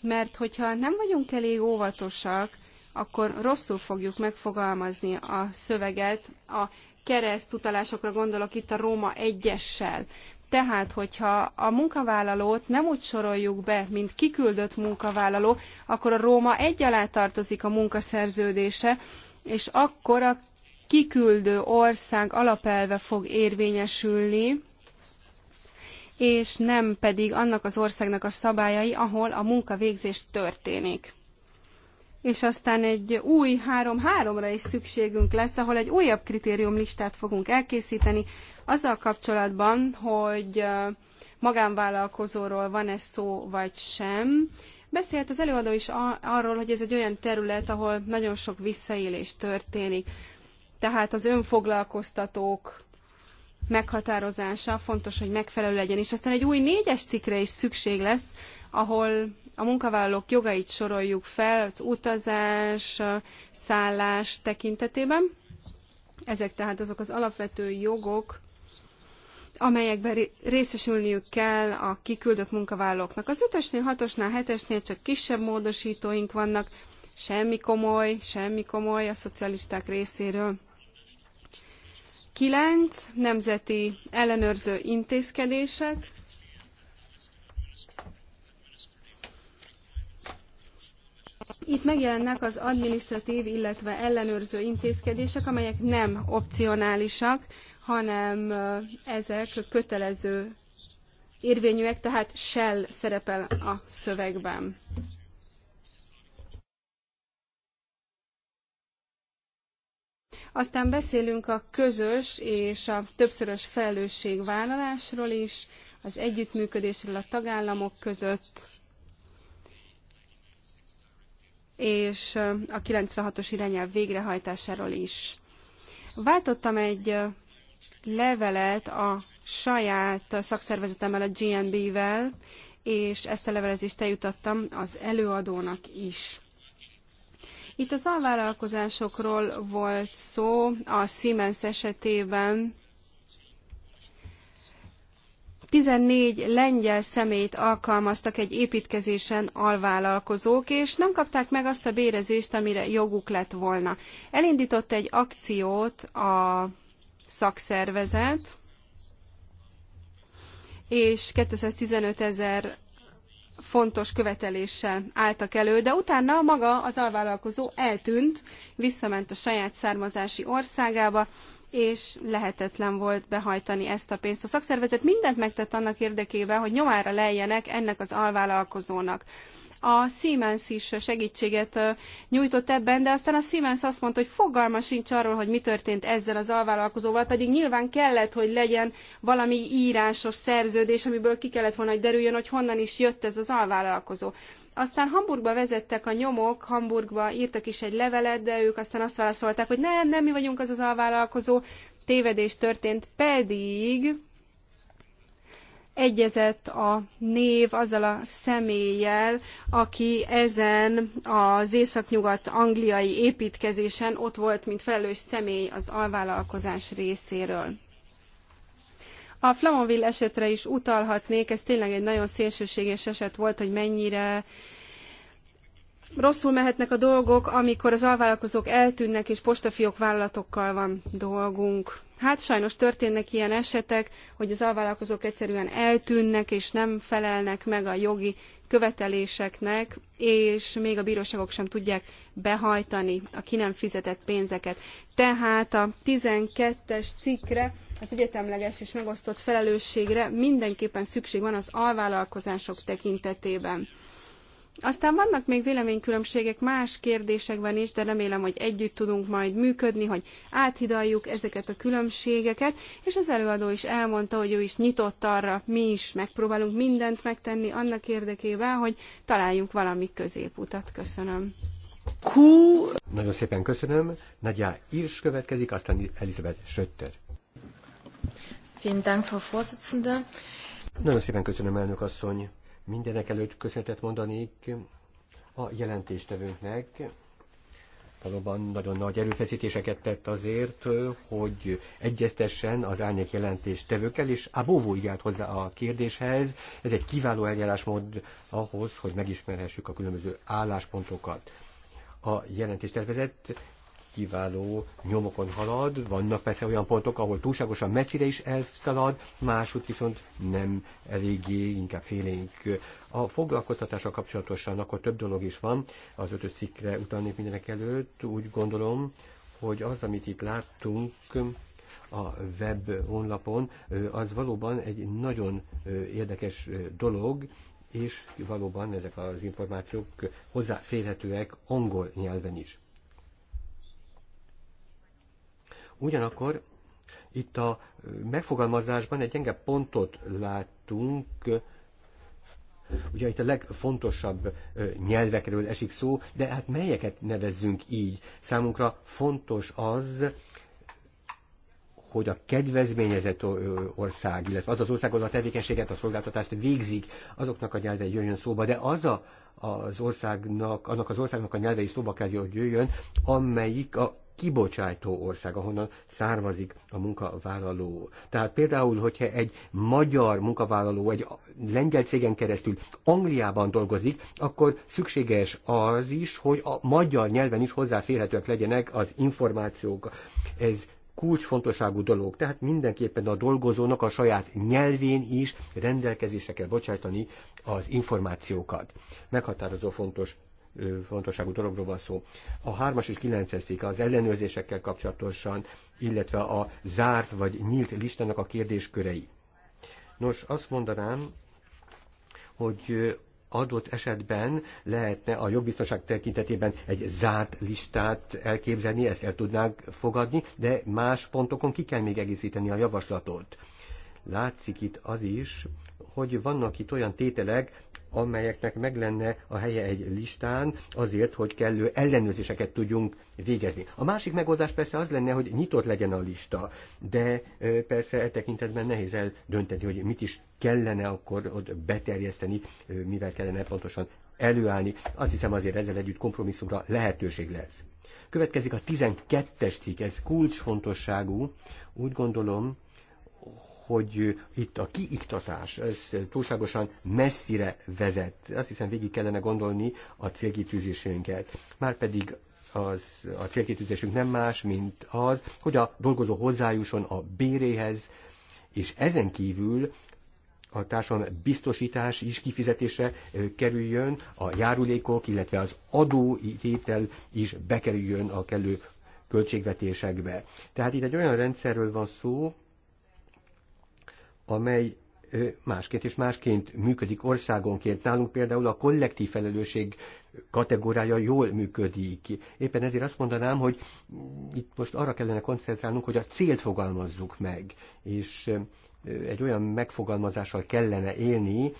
mert hogyha nem vagyunk elég óvatosak, akkor rosszul fogjuk megfogalmazni a szöveget a keresztutalásokra gondolok itt a Róma 1-essel. Tehát, hogyha a munkavállalót nem úgy soroljuk be, mint kiküldött munkavállaló, akkor a Róma 1 alá tartozik a munkaszerződése, és akkor a kiküldő ország alapelve fog érvényesülni, és nem pedig annak az országnak a szabályai, ahol a munkavégzés történik és aztán egy új 3-3-ra is szükségünk lesz, ahol egy újabb kritériumlistát fogunk elkészíteni azzal kapcsolatban, hogy magánvállalkozóról van-e szó vagy sem. Beszélt az előadó is arról, hogy ez egy olyan terület, ahol nagyon sok visszaélés történik. Tehát az önfoglalkoztatók meghatározása fontos, hogy megfelelő legyen. És aztán egy új négyes cikkre is szükség lesz, ahol a munkavállalók jogait soroljuk fel az utazás, szállás tekintetében. Ezek tehát azok az alapvető jogok, amelyekben részesülniük kell a kiküldött munkavállalóknak. Az 5-esnél, 6-osnál, 7-esnél csak kisebb módosítóink vannak, semmi komoly, semmi komoly a szocialisták részéről. 9. Nemzeti ellenőrző intézkedések. Itt megjelennek az administratív, illetve ellenőrző intézkedések, amelyek nem opcionálisak, hanem ezek kötelező érvényűek, tehát shell szerepel a szövegben. Aztán beszélünk a közös és a többszörös felelősségvállalásról is, az együttműködésről a tagállamok között, és a 96-os irányelv végrehajtásáról is. Váltottam egy levelet a saját szakszervezetemmel, a GNB-vel, és ezt a levelezést eljutattam az előadónak is. Itt az alvállalkozásokról volt szó a Siemens esetében, 14 lengyel személyt alkalmaztak egy építkezésen alvállalkozók, és nem kapták meg azt a bérezést, amire joguk lett volna. Elindított egy akciót a szakszervezet, és 215 ezer fontos követeléssel álltak elő, de utána maga az alvállalkozó eltűnt, visszament a saját származási országába, és lehetetlen volt behajtani ezt a pénzt. A szakszervezet mindent megtett annak érdekében, hogy nyomára lejjenek ennek az alvállalkozónak a Siemens is segítséget nyújtott ebben, de aztán a Siemens azt mondta, hogy fogalma sincs arról, hogy mi történt ezzel az alvállalkozóval, pedig nyilván kellett, hogy legyen valami írásos szerződés, amiből ki kellett volna, hogy derüljön, hogy honnan is jött ez az alvállalkozó. Aztán Hamburgba vezettek a nyomok, Hamburgba írtak is egy levelet, de ők aztán azt válaszolták, hogy nem, nem mi vagyunk az az alvállalkozó, tévedés történt, pedig egyezett a név azzal a személlyel, aki ezen az északnyugat angliai építkezésen ott volt, mint felelős személy az alvállalkozás részéről. A Flamonville esetre is utalhatnék, ez tényleg egy nagyon szélsőséges eset volt, hogy mennyire rosszul mehetnek a dolgok, amikor az alvállalkozók eltűnnek, és postafiók vállalatokkal van dolgunk. Hát sajnos történnek ilyen esetek, hogy az alvállalkozók egyszerűen eltűnnek, és nem felelnek meg a jogi követeléseknek, és még a bíróságok sem tudják behajtani a ki nem fizetett pénzeket. Tehát a 12-es cikkre, az egyetemleges és megosztott felelősségre mindenképpen szükség van az alvállalkozások tekintetében. Aztán vannak még véleménykülönbségek más kérdésekben is, de remélem, hogy együtt tudunk majd működni, hogy áthidaljuk ezeket a különbségeket, és az előadó is elmondta, hogy ő is nyitott arra, mi is megpróbálunk mindent megtenni annak érdekében, hogy találjunk valami középutat. Köszönöm. Kú! Nagyon szépen köszönöm. Nagyjá Irs következik, aztán Elizabeth Schröter. Vielen Dank, Frau Vorsitzende. Nagyon szépen köszönöm, elnök asszony. Mindenek előtt köszönetet mondanék a jelentéstevőnknek. Valóban nagyon nagy erőfeszítéseket tett azért, hogy egyeztessen az árnyék jelentéstevőkkel, és a bóvó így állt hozzá a kérdéshez. Ez egy kiváló eljárásmód ahhoz, hogy megismerhessük a különböző álláspontokat. A jelentéstervezet kiváló nyomokon halad, vannak persze olyan pontok, ahol túlságosan messzire is elszalad, máshogy viszont nem eléggé, inkább félénk. A foglalkoztatása kapcsolatosan akkor több dolog is van, az ötös cikkre utalnék mindenek előtt, úgy gondolom, hogy az, amit itt láttunk, a web honlapon, az valóban egy nagyon érdekes dolog, és valóban ezek az információk hozzáférhetőek angol nyelven is. Ugyanakkor itt a megfogalmazásban egy gyenge pontot látunk, Ugye itt a legfontosabb nyelvekről esik szó, de hát melyeket nevezzünk így? Számunkra fontos az, hogy a kedvezményezett ország, illetve az az ország, ahol a tevékenységet, a szolgáltatást végzik, azoknak a nyelve jöjjön szóba, de az a, az országnak, annak az országnak a nyelve is szóba kell, hogy jöjjön, amelyik a kibocsátó ország, ahonnan származik a munkavállaló. Tehát például, hogyha egy magyar munkavállaló egy lengyel cégen keresztül Angliában dolgozik, akkor szükséges az is, hogy a magyar nyelven is hozzáférhetőek legyenek az információk. Ez kulcsfontosságú dolog. Tehát mindenképpen a dolgozónak a saját nyelvén is rendelkezésre kell bocsájtani az információkat. Meghatározó fontos fontosságú dologról van szó. A hármas és kilences az ellenőrzésekkel kapcsolatosan, illetve a zárt vagy nyílt listának a kérdéskörei. Nos, azt mondanám, hogy adott esetben lehetne a jogbiztonság tekintetében egy zárt listát elképzelni, ezt el tudnánk fogadni, de más pontokon ki kell még egészíteni a javaslatot. Látszik itt az is, hogy vannak itt olyan tételek, amelyeknek meg lenne a helye egy listán azért, hogy kellő ellenőrzéseket tudjunk végezni. A másik megoldás persze az lenne, hogy nyitott legyen a lista, de persze e tekintetben nehéz eldönteni, hogy mit is kellene akkor ott beterjeszteni, mivel kellene pontosan előállni. Azt hiszem azért ezzel együtt kompromisszumra lehetőség lesz. Következik a 12-es cikk, ez kulcsfontosságú. Úgy gondolom, hogy itt a kiiktatás, ez túlságosan messzire vezet. Azt hiszem végig kellene gondolni a célkitűzésünket. Márpedig az, a célkitűzésünk nem más, mint az, hogy a dolgozó hozzájusson a béréhez, és ezen kívül a társadalom biztosítás is kifizetésre kerüljön, a járulékok, illetve az adóítétel is bekerüljön a kellő költségvetésekbe. Tehát itt egy olyan rendszerről van szó, amely másként és másként működik országonként. Nálunk például a kollektív felelősség kategóriája jól működik. Éppen ezért azt mondanám, hogy itt most arra kellene koncentrálnunk, hogy a célt fogalmazzuk meg, és egy olyan megfogalmazással kellene élni,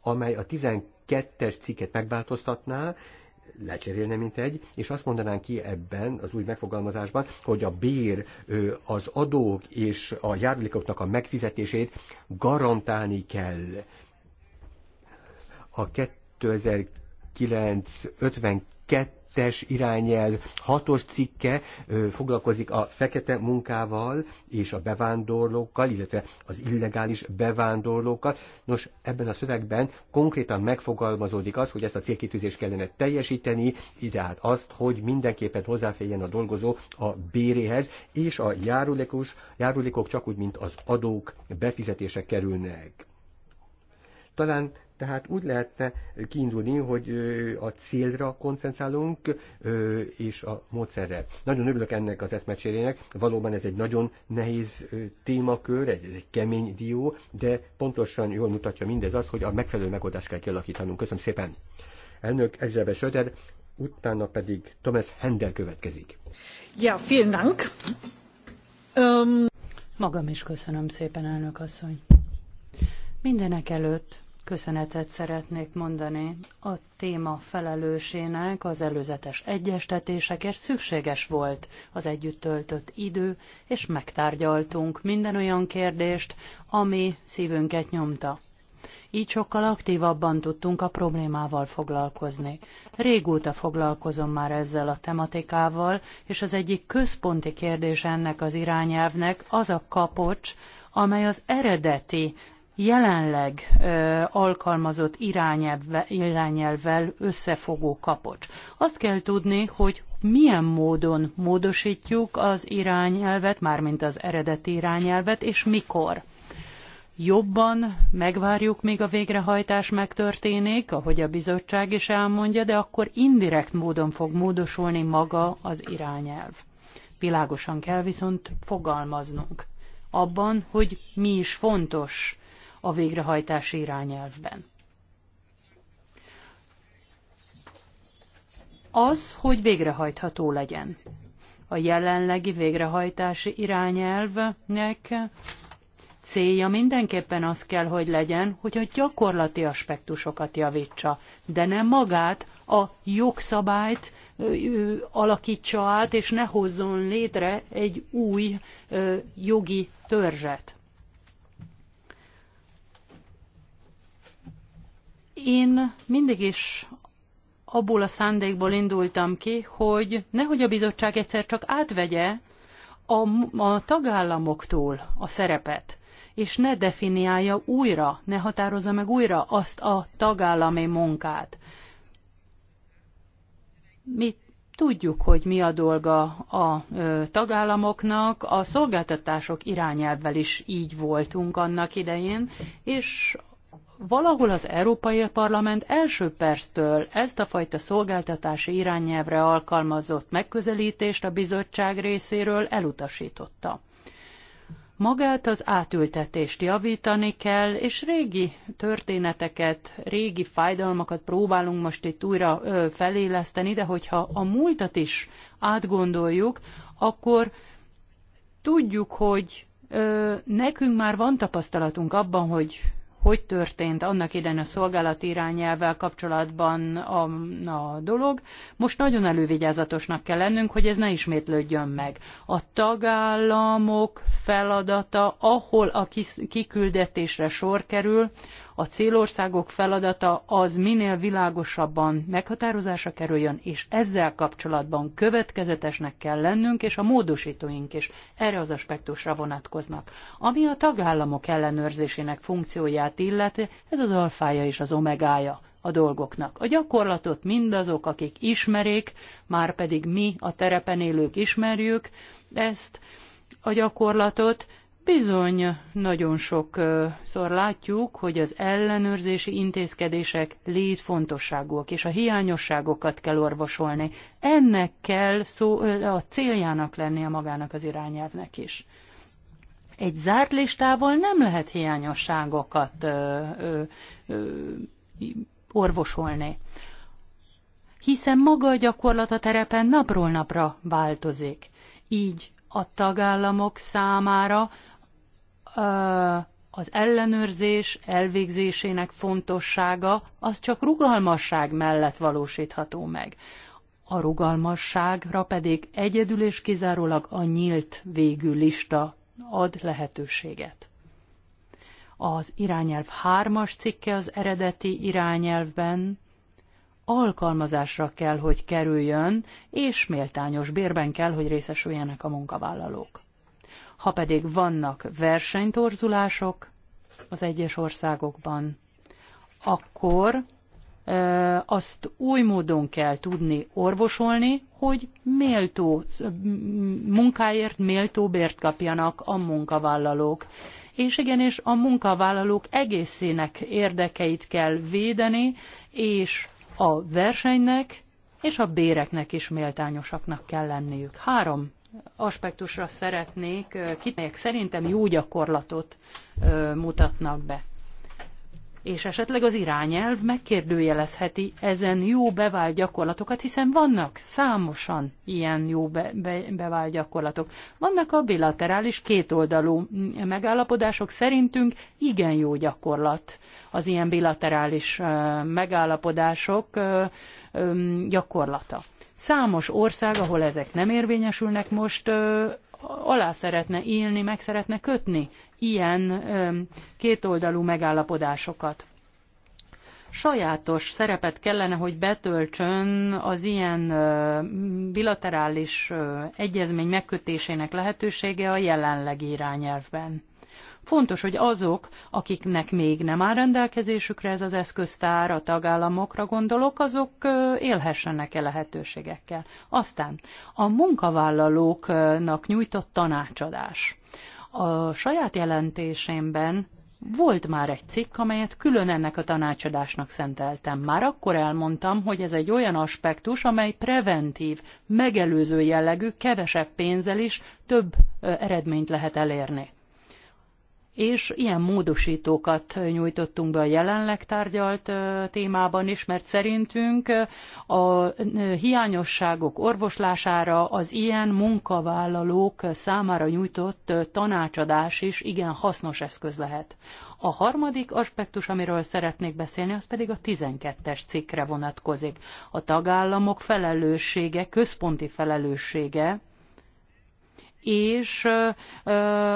amely a 12-es cikket megváltoztatná, lecserélne, mint egy, és azt mondanánk ki ebben az új megfogalmazásban, hogy a bér, az adók és a járulékoknak a megfizetését garantálni kell. A 2009 52 kettes irányjel hatos cikke ö, foglalkozik a fekete munkával és a bevándorlókkal, illetve az illegális bevándorlókkal. Nos, ebben a szövegben konkrétan megfogalmazódik az, hogy ezt a célkitűzést kellene teljesíteni, tehát azt, hogy mindenképpen hozzáférjen a dolgozó a béréhez, és a járulékos, járulékok csak úgy, mint az adók befizetése kerülnek. Talán tehát úgy lehetne kiindulni, hogy a célra koncentrálunk, és a módszerre. Nagyon örülök ennek az eszmecsérének. Valóban ez egy nagyon nehéz témakör, ez egy kemény dió, de pontosan jól mutatja mindez az, hogy a megfelelő megoldást kell kialakítanunk. Köszönöm szépen! Elnök Elizabeth Söder, utána pedig Thomas Hendel következik. Ja, vielen Dank. Um... Magam is köszönöm szépen, elnök asszony. Mindenek előtt köszönetet szeretnék mondani a téma felelősének az előzetes egyestetésekért szükséges volt az együtt töltött idő, és megtárgyaltunk minden olyan kérdést, ami szívünket nyomta. Így sokkal aktívabban tudtunk a problémával foglalkozni. Régóta foglalkozom már ezzel a tematikával, és az egyik központi kérdés ennek az irányelvnek az a kapocs, amely az eredeti jelenleg alkalmazott irányelvvel, irányelvvel összefogó kapocs. Azt kell tudni, hogy milyen módon módosítjuk az irányelvet, mármint az eredeti irányelvet, és mikor jobban megvárjuk, míg a végrehajtás megtörténik, ahogy a bizottság is elmondja, de akkor indirekt módon fog módosulni maga az irányelv. Világosan kell viszont fogalmaznunk abban, hogy mi is fontos a végrehajtási irányelvben. Az, hogy végrehajtható legyen. A jelenlegi végrehajtási irányelvnek célja mindenképpen az kell, hogy legyen, hogy a gyakorlati aspektusokat javítsa, de nem magát, a jogszabályt ö, alakítsa át, és ne hozzon létre egy új ö, jogi törzset. Én mindig is abból a szándékból indultam ki, hogy nehogy a bizottság egyszer csak átvegye a, a tagállamoktól a szerepet, és ne definiálja újra, ne határozza meg újra azt a tagállami munkát. Mi tudjuk, hogy mi a dolga a ö, tagállamoknak, a szolgáltatások irányelvvel is így voltunk annak idején, és valahol az Európai Parlament első perctől ezt a fajta szolgáltatási irányelvre alkalmazott megközelítést a bizottság részéről elutasította. Magát az átültetést javítani kell, és régi történeteket, régi fájdalmakat próbálunk most itt újra ö, feléleszteni, de hogyha a múltat is átgondoljuk, akkor tudjuk, hogy ö, nekünk már van tapasztalatunk abban, hogy hogy történt annak idején a szolgálati irányelvvel kapcsolatban a, a dolog. Most nagyon elővigyázatosnak kell lennünk, hogy ez ne ismétlődjön meg. A tagállamok feladata, ahol a kiküldetésre sor kerül, a célországok feladata az minél világosabban meghatározásra kerüljön, és ezzel kapcsolatban következetesnek kell lennünk, és a módosítóink is erre az aspektusra vonatkoznak. Ami a tagállamok ellenőrzésének funkcióját illeti, ez az alfája és az omegája a dolgoknak. A gyakorlatot mindazok, akik ismerik, már pedig mi a terepen élők ismerjük ezt a gyakorlatot, Bizony, nagyon sokszor látjuk, hogy az ellenőrzési intézkedések létfontosságúak, és a hiányosságokat kell orvosolni. Ennek kell szó, a céljának lennie magának az irányelvnek is. Egy zárt listával nem lehet hiányosságokat ö, ö, ö, orvosolni, hiszen maga a gyakorlat a terepen napról napra változik. Így a tagállamok számára az ellenőrzés elvégzésének fontossága az csak rugalmasság mellett valósítható meg. A rugalmasságra pedig egyedül és kizárólag a nyílt végű lista ad lehetőséget. Az irányelv hármas cikke az eredeti irányelvben alkalmazásra kell, hogy kerüljön, és méltányos bérben kell, hogy részesüljenek a munkavállalók. Ha pedig vannak versenytorzulások az egyes országokban, akkor azt új módon kell tudni orvosolni, hogy méltó munkáért méltó bért kapjanak a munkavállalók. És igenis a munkavállalók egészének érdekeit kell védeni, és a versenynek és a béreknek is méltányosaknak kell lenniük. Három aspektusra szeretnék, kitelyek szerintem jó gyakorlatot mutatnak be. És esetleg az irányelv megkérdőjelezheti ezen jó bevált gyakorlatokat, hiszen vannak számosan ilyen jó be, be, bevált gyakorlatok. Vannak a bilaterális kétoldalú megállapodások szerintünk igen jó gyakorlat. Az ilyen bilaterális megállapodások gyakorlata. Számos ország, ahol ezek nem érvényesülnek most, alá szeretne élni, meg szeretne kötni ilyen kétoldalú megállapodásokat sajátos szerepet kellene, hogy betöltsön az ilyen bilaterális egyezmény megkötésének lehetősége a jelenlegi irányelvben. Fontos, hogy azok, akiknek még nem áll rendelkezésükre ez az eszköztár, a tagállamokra gondolok, azok élhessenek e lehetőségekkel. Aztán a munkavállalóknak nyújtott tanácsadás. A saját jelentésemben volt már egy cikk, amelyet külön ennek a tanácsadásnak szenteltem. Már akkor elmondtam, hogy ez egy olyan aspektus, amely preventív, megelőző jellegű, kevesebb pénzzel is több eredményt lehet elérni és ilyen módosítókat nyújtottunk be a jelenleg tárgyalt témában is, mert szerintünk a hiányosságok orvoslására az ilyen munkavállalók számára nyújtott tanácsadás is igen hasznos eszköz lehet. A harmadik aspektus, amiről szeretnék beszélni, az pedig a 12-es cikkre vonatkozik. A tagállamok felelőssége, központi felelőssége és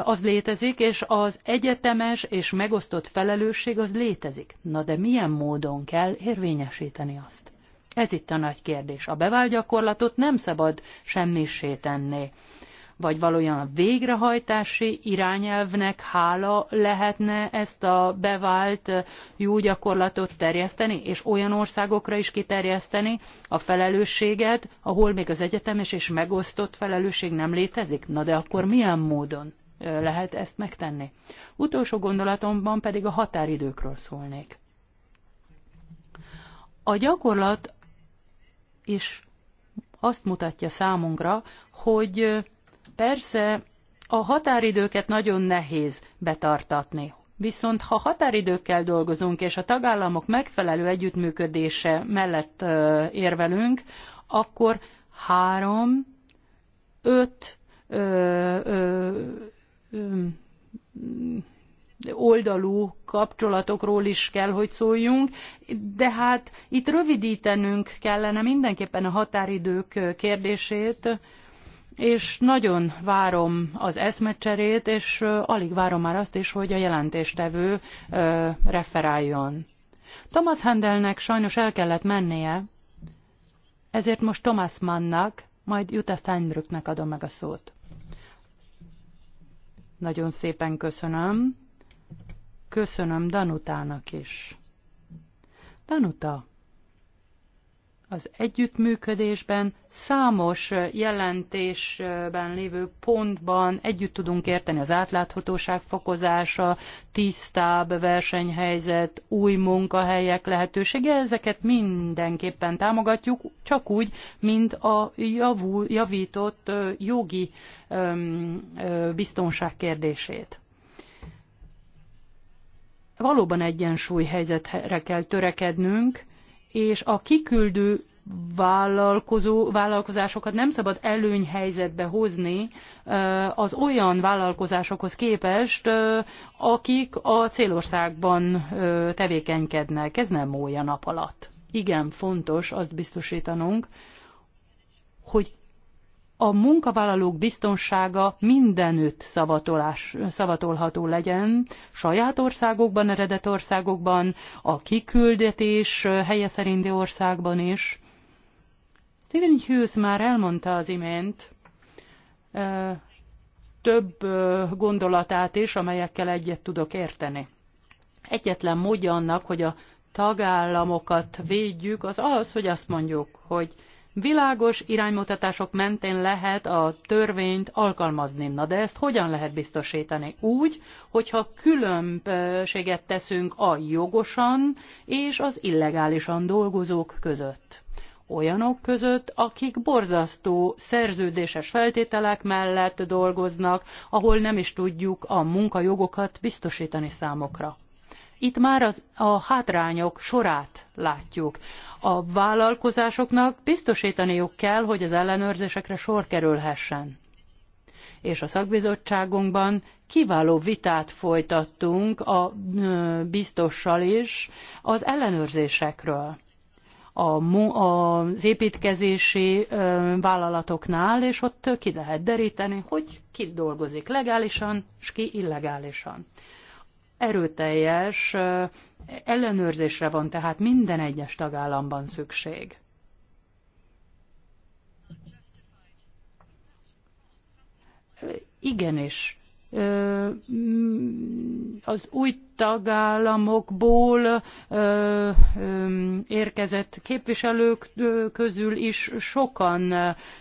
az létezik, és az egyetemes és megosztott felelősség az létezik. Na de milyen módon kell érvényesíteni azt? Ez itt a nagy kérdés. A bevált gyakorlatot nem szabad semmissé tenni vagy valójában a végrehajtási irányelvnek hála lehetne ezt a bevált jó gyakorlatot terjeszteni, és olyan országokra is kiterjeszteni a felelősséget, ahol még az egyetemes és megosztott felelősség nem létezik? Na de akkor milyen módon lehet ezt megtenni? Utolsó gondolatomban pedig a határidőkről szólnék. A gyakorlat is azt mutatja számunkra, hogy Persze a határidőket nagyon nehéz betartatni. Viszont ha határidőkkel dolgozunk, és a tagállamok megfelelő együttműködése mellett érvelünk, akkor három, öt ö, ö, ö, oldalú kapcsolatokról is kell, hogy szóljunk, de hát itt rövidítenünk kellene mindenképpen a határidők kérdését, és nagyon várom az eszmecserét, és alig várom már azt is, hogy a jelentéstevő referáljon. Thomas Handelnek sajnos el kellett mennie, ezért most Thomas Mannnak, majd Jutta Steinbrücknek adom meg a szót. Nagyon szépen köszönöm. Köszönöm Danutának is. Danuta, az együttműködésben számos jelentésben lévő pontban együtt tudunk érteni az átláthatóság fokozása, tisztább versenyhelyzet, új munkahelyek lehetősége, ezeket mindenképpen támogatjuk, csak úgy, mint a javul, javított jogi biztonság kérdését valóban egyensúly helyzetre kell törekednünk, és a kiküldő vállalkozó, vállalkozásokat nem szabad előnyhelyzetbe hozni az olyan vállalkozásokhoz képest, akik a célországban tevékenykednek. Ez nem olyan nap alatt. Igen, fontos azt biztosítanunk, hogy a munkavállalók biztonsága mindenütt szavatolás, szavatolható legyen, saját országokban, eredet országokban, a kiküldetés helye szerinti országban is. Stephen Hughes már elmondta az imént több gondolatát is, amelyekkel egyet tudok érteni. Egyetlen módja annak, hogy a tagállamokat védjük, az az, hogy azt mondjuk, hogy Világos iránymutatások mentén lehet a törvényt alkalmazni, na de ezt hogyan lehet biztosítani? Úgy, hogyha különbséget teszünk a jogosan és az illegálisan dolgozók között olyanok között, akik borzasztó szerződéses feltételek mellett dolgoznak, ahol nem is tudjuk a munkajogokat biztosítani számokra. Itt már az, a hátrányok sorát látjuk. A vállalkozásoknak biztosítaniuk kell, hogy az ellenőrzésekre sor kerülhessen. És a szakbizottságunkban kiváló vitát folytattunk a biztossal is az ellenőrzésekről a, az építkezési vállalatoknál, és ott ki lehet deríteni, hogy ki dolgozik legálisan, és ki illegálisan erőteljes ellenőrzésre van tehát minden egyes tagállamban szükség. Igenis, az új tagállamokból érkezett képviselők közül is sokan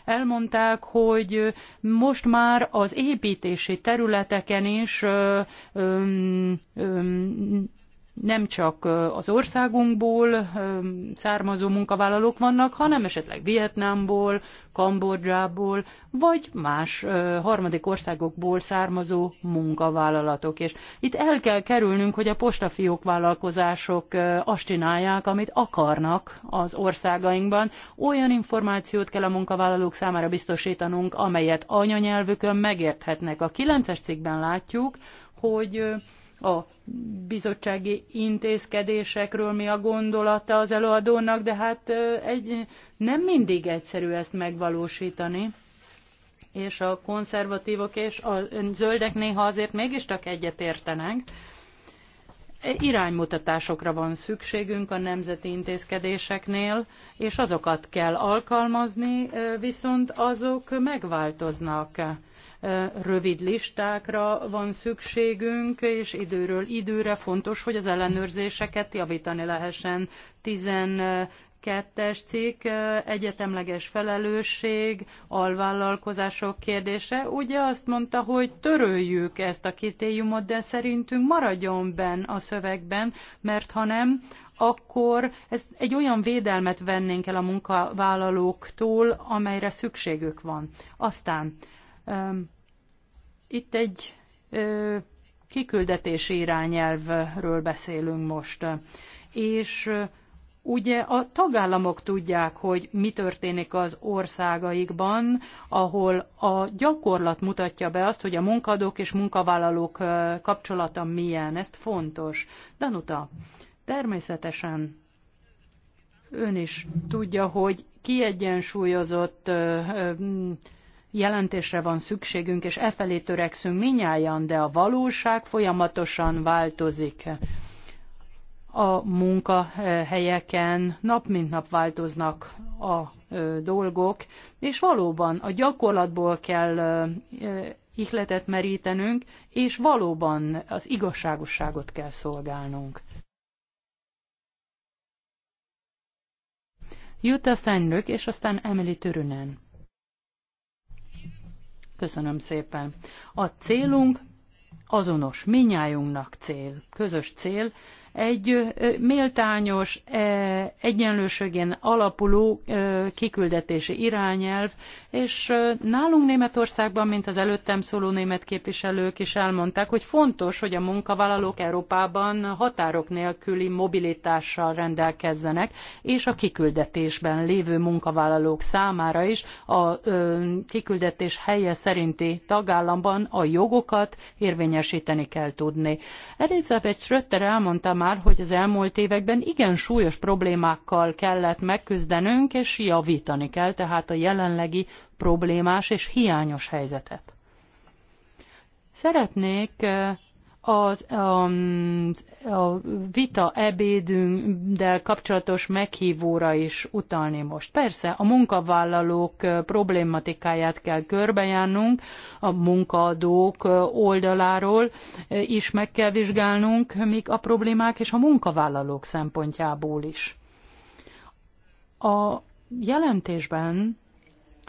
elmondták, hogy most már az építési területeken is nem csak az országunkból származó munkavállalók vannak, hanem esetleg Vietnámból, Kambodzsából, vagy más harmadik országokból származó munkavállalatok És itt el kell kerülnünk, hogy a postafiók vállalkozások azt csinálják, amit akarnak az országainkban. Olyan információt kell a munkavállalók számára biztosítanunk, amelyet anyanyelvükön megérthetnek. A 9-es cikkben látjuk, hogy a bizottsági intézkedésekről mi a gondolata az előadónak, de hát egy, nem mindig egyszerű ezt megvalósítani és a konzervatívok és a zöldek néha azért mégiscsak egyet értenek. E, iránymutatásokra van szükségünk a nemzeti intézkedéseknél, és azokat kell alkalmazni, viszont azok megváltoznak rövid listákra van szükségünk, és időről időre fontos, hogy az ellenőrzéseket javítani lehessen. 12 es cikk, egyetemleges felelősség, alvállalkozások kérdése. Ugye azt mondta, hogy töröljük ezt a kritériumot, de szerintünk maradjon benn a szövegben, mert ha nem, akkor ez egy olyan védelmet vennénk el a munkavállalóktól, amelyre szükségük van. Aztán itt egy kiküldetési irányelvről beszélünk most, és Ugye a tagállamok tudják, hogy mi történik az országaikban, ahol a gyakorlat mutatja be azt, hogy a munkadók és munkavállalók kapcsolata milyen. Ezt fontos. Danuta, természetesen ön is tudja, hogy kiegyensúlyozott jelentésre van szükségünk, és e felé törekszünk minnyáján, de a valóság folyamatosan változik. A munkahelyeken nap mint nap változnak a dolgok, és valóban a gyakorlatból kell ihletet merítenünk, és valóban az igazságosságot kell szolgálnunk. Jutta Steinrück, és aztán Emily Törünen. Köszönöm szépen. A célunk azonos, minnyájunknak cél, közös cél, egy méltányos, egyenlőségén alapuló kiküldetési irányelv, és nálunk Németországban, mint az előttem szóló német képviselők is elmondták, hogy fontos, hogy a munkavállalók Európában határok nélküli mobilitással rendelkezzenek, és a kiküldetésben lévő munkavállalók számára is a kiküldetés helye szerinti tagállamban a jogokat érvényesíteni kell tudni. Elizabeth Schröter elmondta már, hogy az elmúlt években igen súlyos problémákkal kellett megküzdenünk, és javítani kell tehát a jelenlegi problémás és hiányos helyzetet. Szeretnék eh, az, a, um, a vita ebédünkkel kapcsolatos meghívóra is utalni most. Persze a munkavállalók problématikáját kell körbejárnunk, a munkaadók oldaláról is meg kell vizsgálnunk, mik a problémák, és a munkavállalók szempontjából is. A jelentésben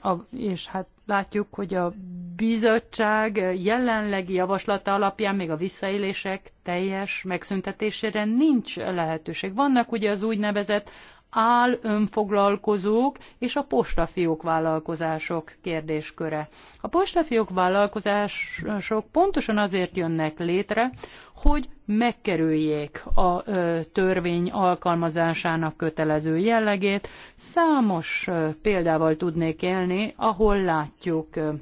a, és hát látjuk, hogy a bizottság jelenlegi javaslata alapján még a visszaélések teljes megszüntetésére nincs lehetőség. Vannak ugye az úgynevezett áll önfoglalkozók és a postafiók vállalkozások kérdésköre. A postafiók vállalkozások pontosan azért jönnek létre, hogy megkerüljék a ö, törvény alkalmazásának kötelező jellegét. Számos ö, példával tudnék élni, ahol látjuk ö,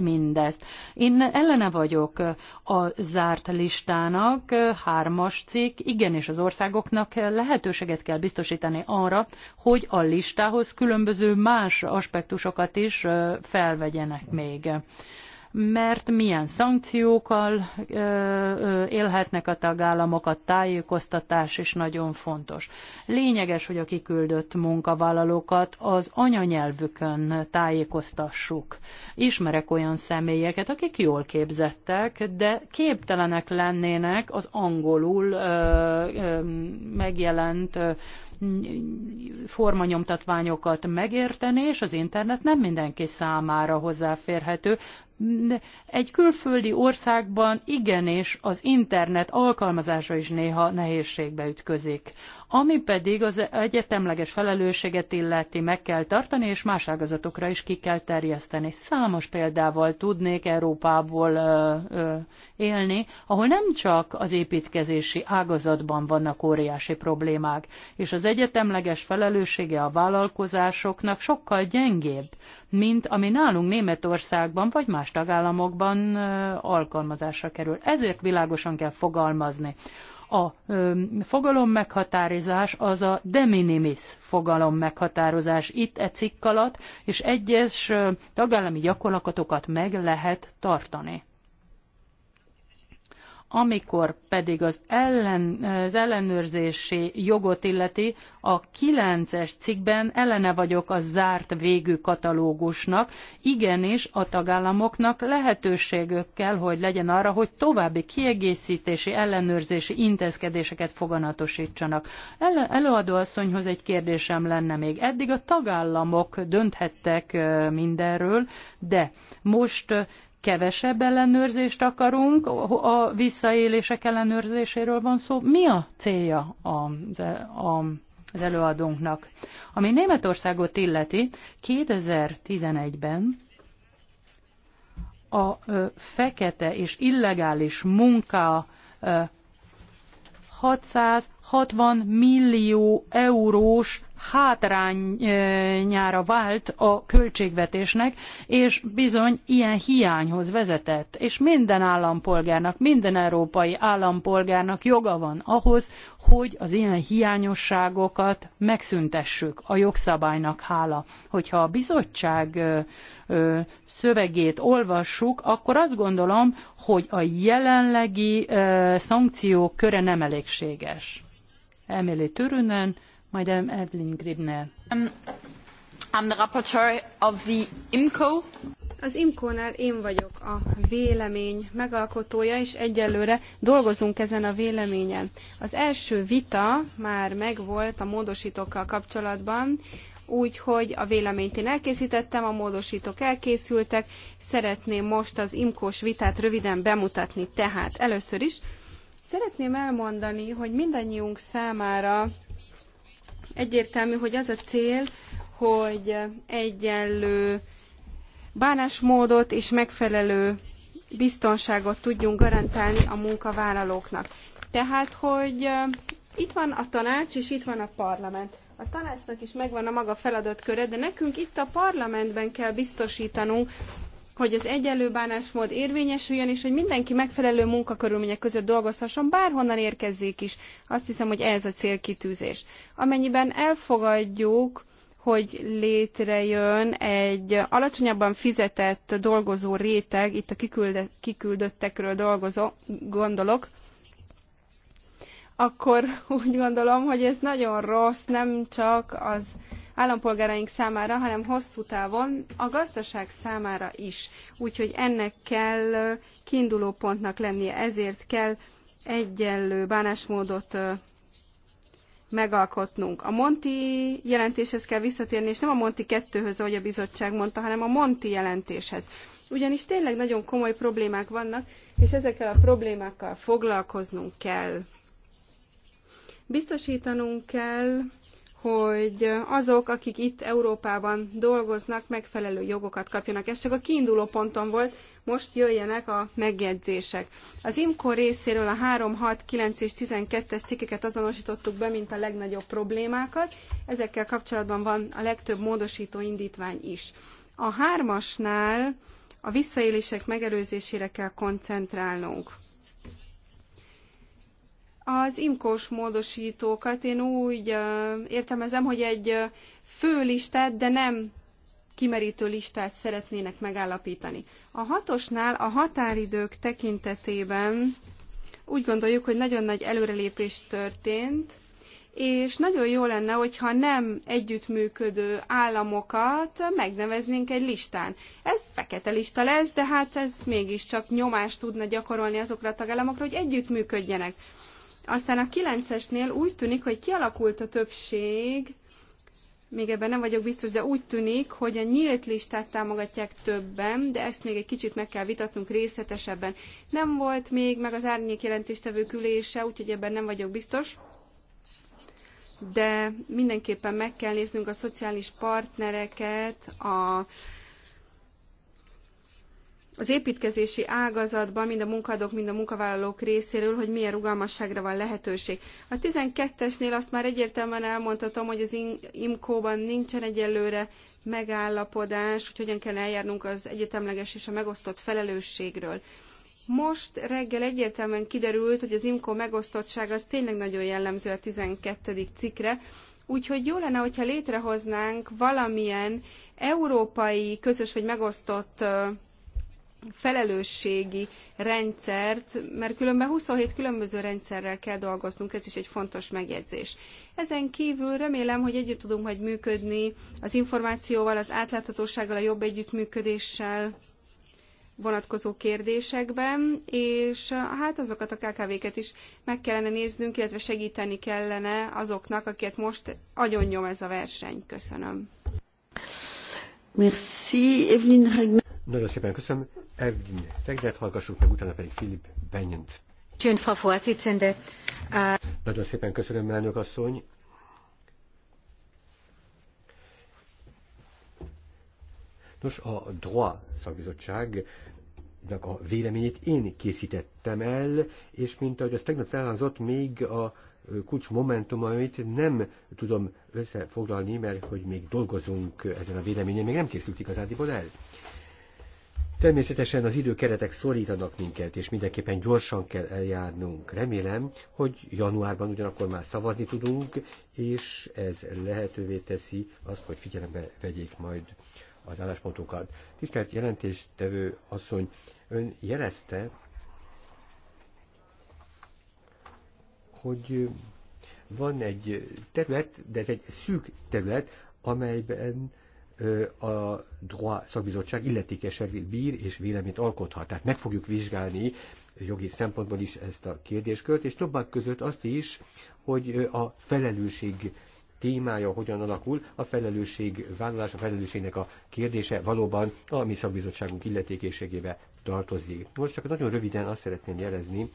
mindezt. Én ellene vagyok a zárt listának, hármas cikk, igenis az országoknak lehetőséget kell biztosítani arra, hogy a listához különböző más aspektusokat is felvegyenek még mert milyen szankciókkal élhetnek a tagállamok, a tájékoztatás is nagyon fontos. Lényeges, hogy a kiküldött munkavállalókat az anyanyelvükön tájékoztassuk. Ismerek olyan személyeket, akik jól képzettek, de képtelenek lennének az angolul megjelent formanyomtatványokat megérteni, és az internet nem mindenki számára hozzáférhető, egy külföldi országban igenis az internet alkalmazása is néha nehézségbe ütközik. Ami pedig az egyetemleges felelősséget illeti meg kell tartani, és más ágazatokra is ki kell terjeszteni. Számos példával tudnék Európából ö, ö, élni, ahol nem csak az építkezési ágazatban vannak óriási problémák, és az egyetemleges felelőssége a vállalkozásoknak sokkal gyengébb, mint ami nálunk Németországban vagy más tagállamokban alkalmazásra kerül. Ezért világosan kell fogalmazni. A ö, fogalom meghatározás az a de minimis fogalom meghatározás itt e cikk alatt, és egyes ö, tagállami gyakorlatokat meg lehet tartani. Amikor pedig az, ellen, az ellenőrzési jogot illeti, a 9-es cikkben ellene vagyok a zárt végű katalógusnak. Igenis, a tagállamoknak lehetőségük kell, hogy legyen arra, hogy további kiegészítési, ellenőrzési intézkedéseket foganatosítsanak. El, előadóasszonyhoz egy kérdésem lenne még. Eddig a tagállamok dönthettek mindenről, de most kevesebb ellenőrzést akarunk, a visszaélések ellenőrzéséről van szó. Mi a célja az, e, az előadónknak? Ami Németországot illeti, 2011-ben a fekete és illegális munka 660 millió eurós hátrányára vált a költségvetésnek, és bizony ilyen hiányhoz vezetett. És minden állampolgárnak, minden európai állampolgárnak joga van ahhoz, hogy az ilyen hiányosságokat megszüntessük a jogszabálynak hála. Hogyha a bizottság szövegét olvassuk, akkor azt gondolom, hogy a jelenlegi szankciók köre nem elégséges. Emily Törünen Um, Evelyn Gribner. Um, I'm the rapporteur of the IMCO. Az IMCO-nál én vagyok a vélemény megalkotója, és egyelőre dolgozunk ezen a véleményen. Az első vita már megvolt a módosítókkal kapcsolatban, úgyhogy a véleményt én elkészítettem, a módosítók elkészültek. Szeretném most az IMCO-s vitát röviden bemutatni. Tehát először is szeretném elmondani, hogy mindannyiunk számára Egyértelmű, hogy az a cél, hogy egyenlő bánásmódot és megfelelő biztonságot tudjunk garantálni a munkavállalóknak. Tehát, hogy itt van a tanács, és itt van a parlament. A tanácsnak is megvan a maga feladatköre, de nekünk itt a parlamentben kell biztosítanunk, hogy az egyenlő bánásmód érvényesüljön, és hogy mindenki megfelelő munkakörülmények között dolgozhasson, bárhonnan érkezzék is. Azt hiszem, hogy ez a célkitűzés. Amennyiben elfogadjuk, hogy létrejön egy alacsonyabban fizetett dolgozó réteg, itt a kiküldöttekről dolgozó, gondolok, akkor úgy gondolom, hogy ez nagyon rossz, nem csak az állampolgáraink számára, hanem hosszú távon a gazdaság számára is. Úgyhogy ennek kell kiinduló pontnak lennie, ezért kell egyenlő bánásmódot megalkotnunk. A Monti jelentéshez kell visszatérni, és nem a Monti kettőhöz, ahogy a bizottság mondta, hanem a Monti jelentéshez. Ugyanis tényleg nagyon komoly problémák vannak, és ezekkel a problémákkal foglalkoznunk kell. Biztosítanunk kell hogy azok, akik itt Európában dolgoznak, megfelelő jogokat kapjanak. Ez csak a kiinduló ponton volt, most jöjjenek a megjegyzések. Az IMCO részéről a 3, 6, 9 és 12-es cikkeket azonosítottuk be, mint a legnagyobb problémákat. Ezekkel kapcsolatban van a legtöbb módosító indítvány is. A hármasnál a visszaélések megelőzésére kell koncentrálnunk. Az imkós módosítókat én úgy értelmezem, hogy egy fő listát, de nem kimerítő listát szeretnének megállapítani. A hatosnál a határidők tekintetében úgy gondoljuk, hogy nagyon nagy előrelépés történt, és nagyon jó lenne, hogyha nem együttműködő államokat megneveznénk egy listán. Ez fekete lista lesz, de hát ez mégiscsak nyomást tudna gyakorolni azokra a tagállamokra, hogy együttműködjenek. Aztán a 9-esnél úgy tűnik, hogy kialakult a többség, még ebben nem vagyok biztos, de úgy tűnik, hogy a nyílt listát támogatják többen, de ezt még egy kicsit meg kell vitatnunk részletesebben. Nem volt még meg az árnyék jelentéstevő külése, úgyhogy ebben nem vagyok biztos. De mindenképpen meg kell néznünk a szociális partnereket, a az építkezési ágazatban mind a munkadók, mind a munkavállalók részéről, hogy milyen rugalmasságra van lehetőség. A 12-esnél azt már egyértelműen elmondhatom, hogy az IMCO-ban nincsen egyelőre megállapodás, hogy hogyan kell eljárnunk az egyetemleges és a megosztott felelősségről. Most reggel egyértelműen kiderült, hogy az IMCO megosztottság az tényleg nagyon jellemző a 12. cikkre, Úgyhogy jó lenne, hogyha létrehoznánk valamilyen európai, közös vagy megosztott felelősségi rendszert, mert különben 27 különböző rendszerrel kell dolgoznunk, ez is egy fontos megjegyzés. Ezen kívül remélem, hogy együtt tudunk majd működni az információval, az átláthatósággal, a jobb együttműködéssel vonatkozó kérdésekben, és hát azokat a KKV-ket is meg kellene néznünk, illetve segíteni kellene azoknak, akiket most agyonnyom ez a verseny. Köszönöm. Merci, Evelyn Regner. Nagyon szépen köszönöm. Evgin Tegnet hallgassuk meg, utána pedig Filip Benyent. Schön, Frau Vorsitzende. Nagyon szépen köszönöm, elnök asszony. Nos, a DROA szakbizottság a véleményét én készítettem el, és mint ahogy az tegnap elhangzott, még a kulcs momentumait nem tudom összefoglalni, mert hogy még dolgozunk ezen a véleményen, még nem készült igazándiból el. Természetesen az időkeretek szorítanak minket, és mindenképpen gyorsan kell eljárnunk. Remélem, hogy januárban ugyanakkor már szavazni tudunk, és ez lehetővé teszi azt, hogy figyelembe vegyék majd az álláspontokat. Tisztelt jelentéstevő asszony, ön jelezte, hogy van egy terület, de ez egy szűk terület, amelyben a droit szakbizottság illetékesen bír és véleményt alkothat. Tehát meg fogjuk vizsgálni jogi szempontból is ezt a kérdéskört, és többek között azt is, hogy a felelősség témája hogyan alakul, a felelősség vállalás, a felelősségnek a kérdése valóban a mi szakbizottságunk illetékészségébe tartozik. Most csak nagyon röviden azt szeretném jelezni,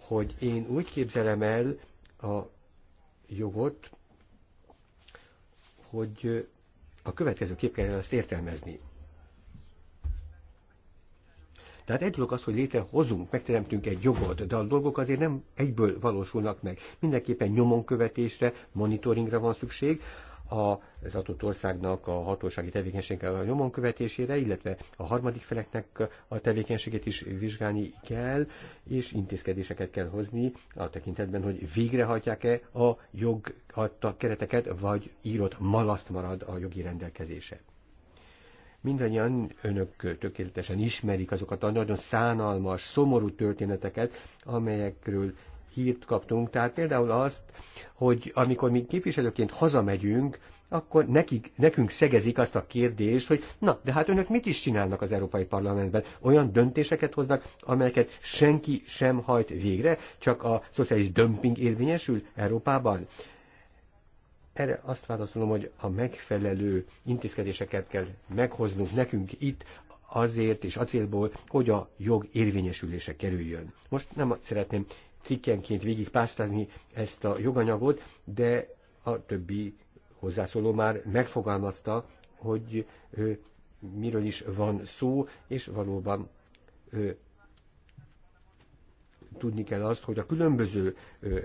hogy én úgy képzelem el a jogot, hogy a kép kell ezt értelmezni. Tehát egy dolog az, hogy létrehozunk, megteremtünk egy jogot, de a dolgok azért nem egyből valósulnak meg. Mindenképpen nyomon követésre, monitoringra van szükség, az adott országnak a hatósági tevékenységgel a nyomon követésére, illetve a harmadik feleknek a tevékenységét is vizsgálni kell, és intézkedéseket kell hozni a tekintetben, hogy végrehajtják-e a jog adta kereteket, vagy írott malaszt marad a jogi rendelkezése mindannyian önök tökéletesen ismerik azokat a nagyon szánalmas, szomorú történeteket, amelyekről hírt kaptunk, tehát például azt, hogy amikor mi képviselőként hazamegyünk, akkor nekik, nekünk szegezik azt a kérdést, hogy na, de hát önök mit is csinálnak az Európai Parlamentben? Olyan döntéseket hoznak, amelyeket senki sem hajt végre, csak a szociális dömping érvényesül Európában? Erre azt válaszolom, hogy a megfelelő intézkedéseket kell meghoznunk nekünk itt, azért és acélból, hogy a jog érvényesülése kerüljön. Most nem szeretném cikkenként végigpásztázni ezt a joganyagot, de a többi hozzászóló már megfogalmazta, hogy ö, miről is van szó, és valóban ö, tudni kell azt, hogy a különböző ö,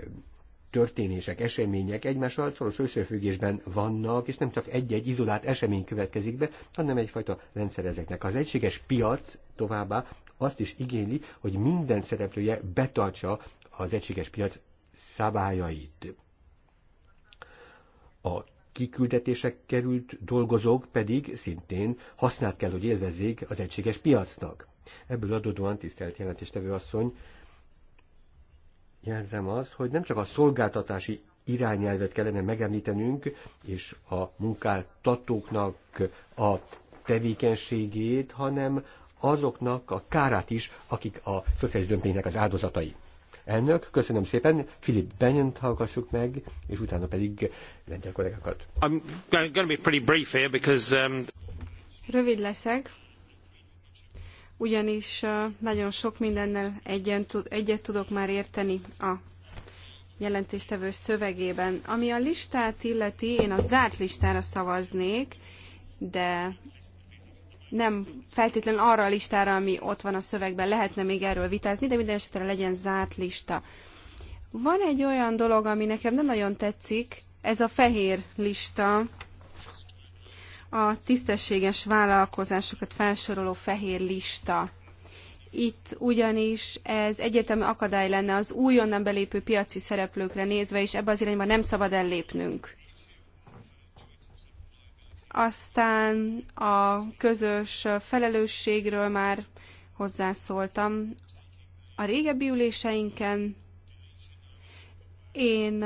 történések, események egymással szoros összefüggésben vannak, és nem csak egy-egy izolált esemény következik be, hanem egyfajta rendszer ezeknek. Az egységes piac továbbá azt is igényli, hogy minden szereplője betartsa az egységes piac szabályait. A kiküldetések került dolgozók pedig szintén hasznát kell, hogy élvezzék az egységes piacnak. Ebből adódóan, tisztelt jelentéstevő asszony, jelzem azt, hogy nem csak a szolgáltatási irányelvet kellene megemlítenünk, és a munkáltatóknak a tevékenységét, hanem azoknak a kárát is, akik a szociális dömpénynek az áldozatai. Elnök, köszönöm szépen. Philip benyon hallgassuk meg, és utána pedig lengyel kollégákat. I'm going to be pretty brief here because, um... Rövid leszek, ugyanis uh, nagyon sok mindennel egyet tudok már érteni a jelentéstevő szövegében. Ami a listát illeti, én a zárt listára szavaznék, de nem feltétlenül arra a listára, ami ott van a szövegben, lehetne még erről vitázni, de minden esetre legyen zárt lista. Van egy olyan dolog, ami nekem nem nagyon tetszik, ez a fehér lista, a tisztességes vállalkozásokat felsoroló fehér lista. Itt ugyanis ez egyértelmű akadály lenne az újonnan belépő piaci szereplőkre nézve, és ebbe az irányba nem szabad ellépnünk. Aztán a közös felelősségről már hozzászóltam a régebbi üléseinken. Én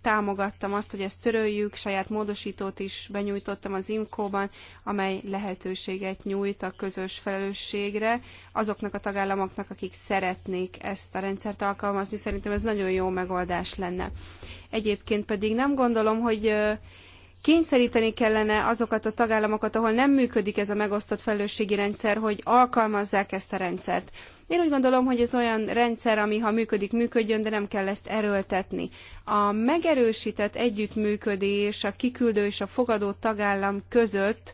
támogattam azt, hogy ezt töröljük, saját módosítót is benyújtottam az IMCO-ban, amely lehetőséget nyújt a közös felelősségre azoknak a tagállamoknak, akik szeretnék ezt a rendszert alkalmazni. Szerintem ez nagyon jó megoldás lenne. Egyébként pedig nem gondolom, hogy kényszeríteni kellene azokat a tagállamokat, ahol nem működik ez a megosztott felelősségi rendszer, hogy alkalmazzák ezt a rendszert. Én úgy gondolom, hogy ez olyan rendszer, ami ha működik, működjön, de nem kell ezt erőltetni. A megerősített együttműködés a kiküldő és a fogadó tagállam között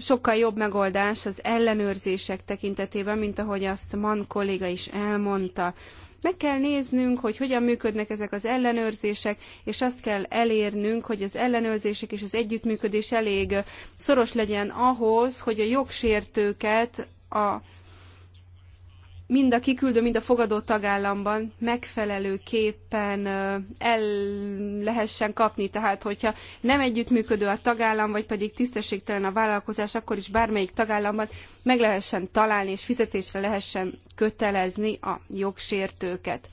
sokkal jobb megoldás az ellenőrzések tekintetében, mint ahogy azt Mann kolléga is elmondta. Meg kell néznünk, hogy hogyan működnek ezek az ellenőrzések, és azt kell elérnünk, hogy az ellenőrzések és az együttműködés elég szoros legyen ahhoz, hogy a jogsértőket a mind a kiküldő, mind a fogadó tagállamban megfelelőképpen el lehessen kapni. Tehát, hogyha nem együttműködő a tagállam, vagy pedig tisztességtelen a vállalkozás, akkor is bármelyik tagállamban meg lehessen találni, és fizetésre lehessen kötelezni a jogsértőket.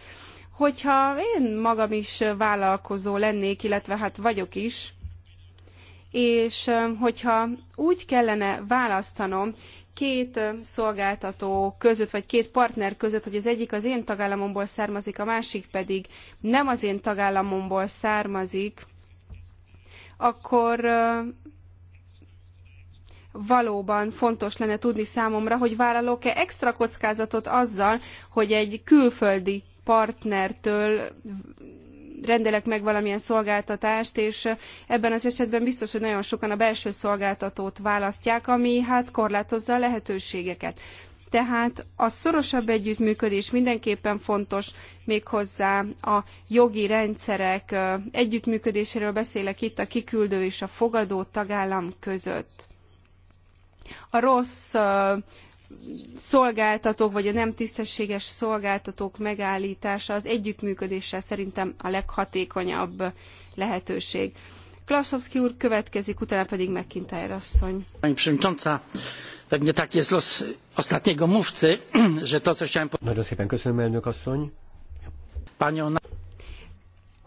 Hogyha én magam is vállalkozó lennék, illetve hát vagyok is, és hogyha úgy kellene választanom, két szolgáltató között, vagy két partner között, hogy az egyik az én tagállamomból származik, a másik pedig nem az én tagállamomból származik, akkor valóban fontos lenne tudni számomra, hogy vállalok-e extra kockázatot azzal, hogy egy külföldi partnertől rendelek meg valamilyen szolgáltatást, és ebben az esetben biztos, hogy nagyon sokan a belső szolgáltatót választják, ami hát korlátozza a lehetőségeket. Tehát a szorosabb együttműködés mindenképpen fontos, méghozzá a jogi rendszerek együttműködéséről beszélek itt a kiküldő és a fogadó tagállam között. A rossz szolgáltatók, vagy a nem tisztességes szolgáltatók megállítása az együttműködéssel szerintem a leghatékonyabb lehetőség. Klaszowski úr következik, utána pedig McIntyre asszony. Nagyon szépen köszönöm, elnök asszony.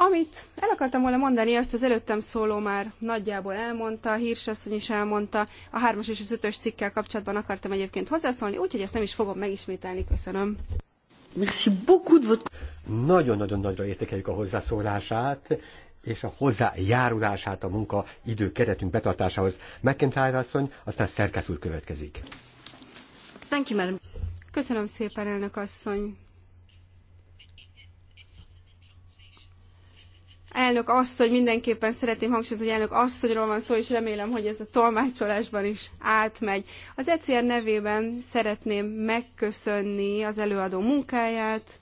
Amit el akartam volna mondani, azt az előttem szóló már nagyjából elmondta, a hírsasszony is elmondta, a hármas és az ötös cikkkel kapcsolatban akartam egyébként hozzászólni, úgyhogy ezt nem is fogom megismételni. Köszönöm. Merci beaucoup de votre... Nagyon-nagyon nagyra értékeljük a hozzászólását és a hozzájárulását a munka idő keretünk betartásához. McIntyre asszony, aztán szerkesz úr következik. Thank you, madam. Köszönöm szépen, elnök asszony. Elnök azt, hogy mindenképpen szeretném hangsúlyozni, hogy elnök asszonyról van szó, és remélem, hogy ez a tolmácsolásban is átmegy. Az ECR nevében szeretném megköszönni az előadó munkáját,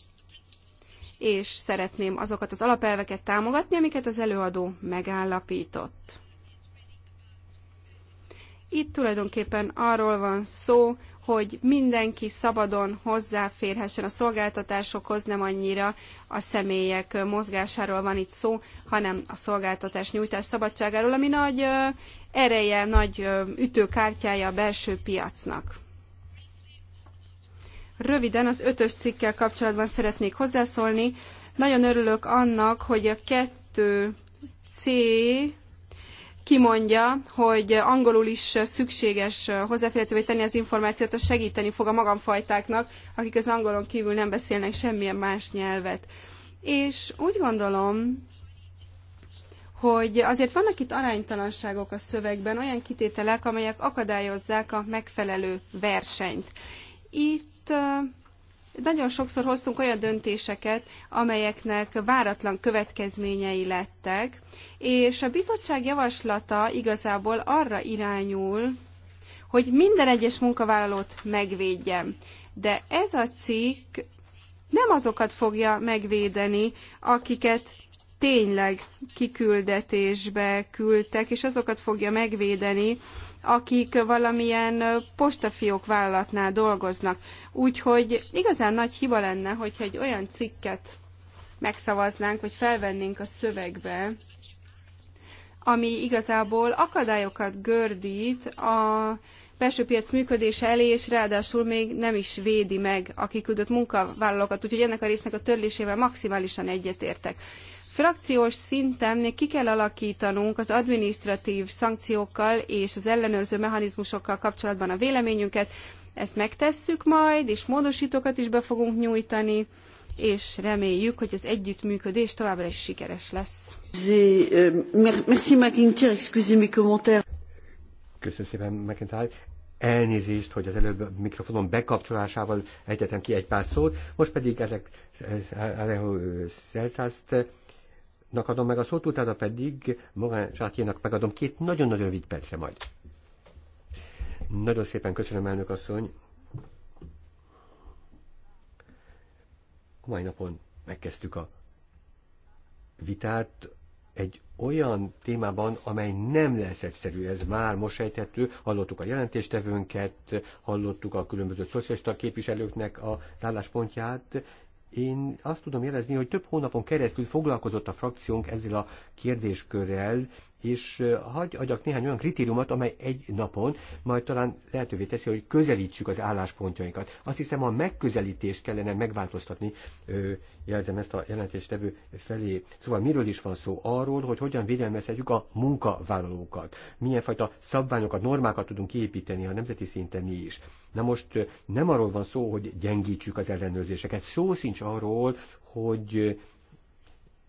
és szeretném azokat az alapelveket támogatni, amiket az előadó megállapított. Itt tulajdonképpen arról van szó, hogy mindenki szabadon hozzáférhessen a szolgáltatásokhoz, nem annyira a személyek mozgásáról van itt szó, hanem a szolgáltatás nyújtás szabadságáról, ami nagy ereje, nagy ütőkártyája a belső piacnak. Röviden az ötös cikkel kapcsolatban szeretnék hozzászólni. Nagyon örülök annak, hogy a 2C kimondja, hogy angolul is szükséges hozzáférhetővé tenni az információt, az segíteni fog a magamfajtáknak, akik az angolon kívül nem beszélnek semmilyen más nyelvet. És úgy gondolom, hogy azért vannak itt aránytalanságok a szövegben, olyan kitételek, amelyek akadályozzák a megfelelő versenyt. Itt nagyon sokszor hoztunk olyan döntéseket, amelyeknek váratlan következményei lettek, és a bizottság javaslata igazából arra irányul, hogy minden egyes munkavállalót megvédjem. De ez a cikk nem azokat fogja megvédeni, akiket tényleg kiküldetésbe küldtek, és azokat fogja megvédeni, akik valamilyen postafiók vállalatnál dolgoznak. Úgyhogy igazán nagy hiba lenne, hogyha egy olyan cikket megszavaznánk, vagy felvennénk a szövegbe, ami igazából akadályokat gördít a belső piac működése elé, és ráadásul még nem is védi meg a kiküldött munkavállalókat, úgyhogy ennek a résznek a törlésével maximálisan egyetértek. Frakciós szinten még ki kell alakítanunk az administratív szankciókkal és az ellenőrző mechanizmusokkal kapcsolatban a véleményünket. Ezt megtesszük majd, és módosítókat is be fogunk nyújtani, és reméljük, hogy az együttműködés továbbra is sikeres lesz. Euh, merci McIntyre, Köszönöm szépen, McIntyre. Elnézést, hogy az előbb a mikrofonon bekapcsolásával ejtettem ki egy pár szót, most pedig ezek Alejo Szeltászt Nak adom meg a szót, utána pedig Morán Sátjénak megadom két nagyon-nagyon rövid percre majd. Nagyon szépen köszönöm, elnök asszony. A mai napon megkezdtük a vitát egy olyan témában, amely nem lesz egyszerű, ez már most sejthető. Hallottuk a jelentéstevőnket, hallottuk a különböző szociálista képviselőknek a álláspontját, én azt tudom jelezni, hogy több hónapon keresztül foglalkozott a frakciónk ezzel a kérdéskörrel, és hagy adjak néhány olyan kritériumot, amely egy napon majd talán lehetővé teszi, hogy közelítsük az álláspontjainkat. Azt hiszem, a megközelítést kellene megváltoztatni jelzem ezt a jelentéstevő felé. Szóval miről is van szó? Arról, hogy hogyan védelmezhetjük a munkavállalókat. Milyen fajta szabványokat, normákat tudunk kiépíteni a nemzeti szinten mi is. Na most nem arról van szó, hogy gyengítsük az ellenőrzéseket. Szó sincs arról, hogy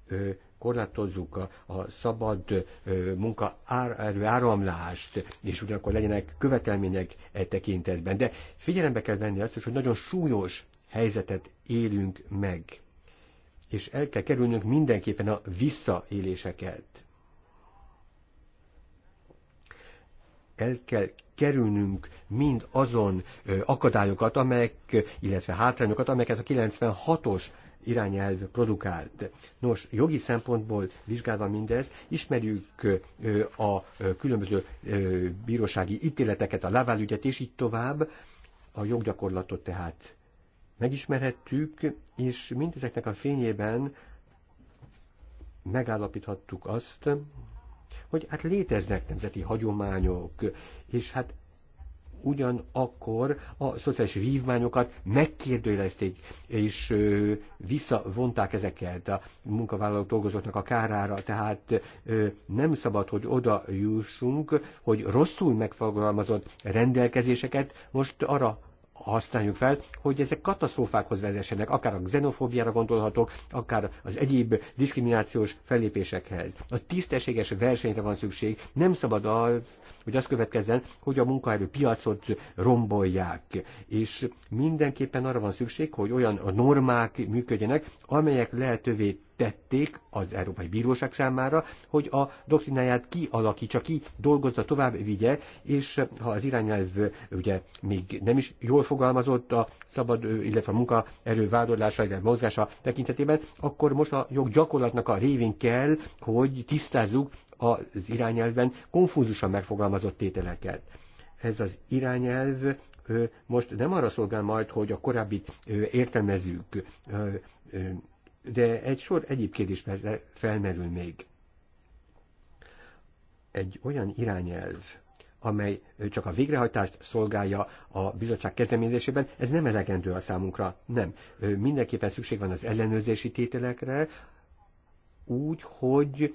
ö, korlátozzuk a, a szabad ö, munka ár, áramlást, és ugyanakkor legyenek követelmények e tekintetben. De figyelembe kell venni azt is, hogy nagyon súlyos helyzetet élünk meg és el kell kerülnünk mindenképpen a visszaéléseket. El kell kerülnünk mind azon akadályokat, amelyek, illetve hátrányokat, amelyeket a 96-os irányelv produkált. Nos, jogi szempontból vizsgálva mindez, ismerjük a különböző bírósági ítéleteket, a laválügyet és így tovább, a joggyakorlatot tehát megismerhettük, és mindezeknek a fényében megállapíthattuk azt, hogy hát léteznek nemzeti hagyományok, és hát ugyanakkor a szociális vívmányokat megkérdőjelezték, és visszavonták ezeket a munkavállalók dolgozóknak a kárára, tehát nem szabad, hogy oda jussunk, hogy rosszul megfogalmazott rendelkezéseket most arra használjuk fel, hogy ezek katasztrófákhoz vezessenek, akár a xenofóbiára gondolhatok, akár az egyéb diszkriminációs fellépésekhez. A tisztességes versenyre van szükség, nem szabad az, hogy az következzen, hogy a munkaerő piacot rombolják, és mindenképpen arra van szükség, hogy olyan normák működjenek, amelyek lehetővé tették az Európai Bíróság számára, hogy a doktrináját kialakítsa ki, dolgozza, tovább vigye, és ha az irányelv ugye még nem is jól fogalmazott a szabad, illetve a munkaerő vádorlása, illetve mozgása tekintetében, akkor most a joggyakorlatnak a révén kell, hogy tisztázzuk az irányelven konfúzusan megfogalmazott tételeket. Ez az irányelv most nem arra szolgál majd, hogy a korábbi értelmezők de egy sor egyéb kérdés felmerül még. Egy olyan irányelv, amely csak a végrehajtást szolgálja a bizottság kezdeményezésében, ez nem elegendő a számunkra, nem. Mindenképpen szükség van az ellenőrzési tételekre, úgy, hogy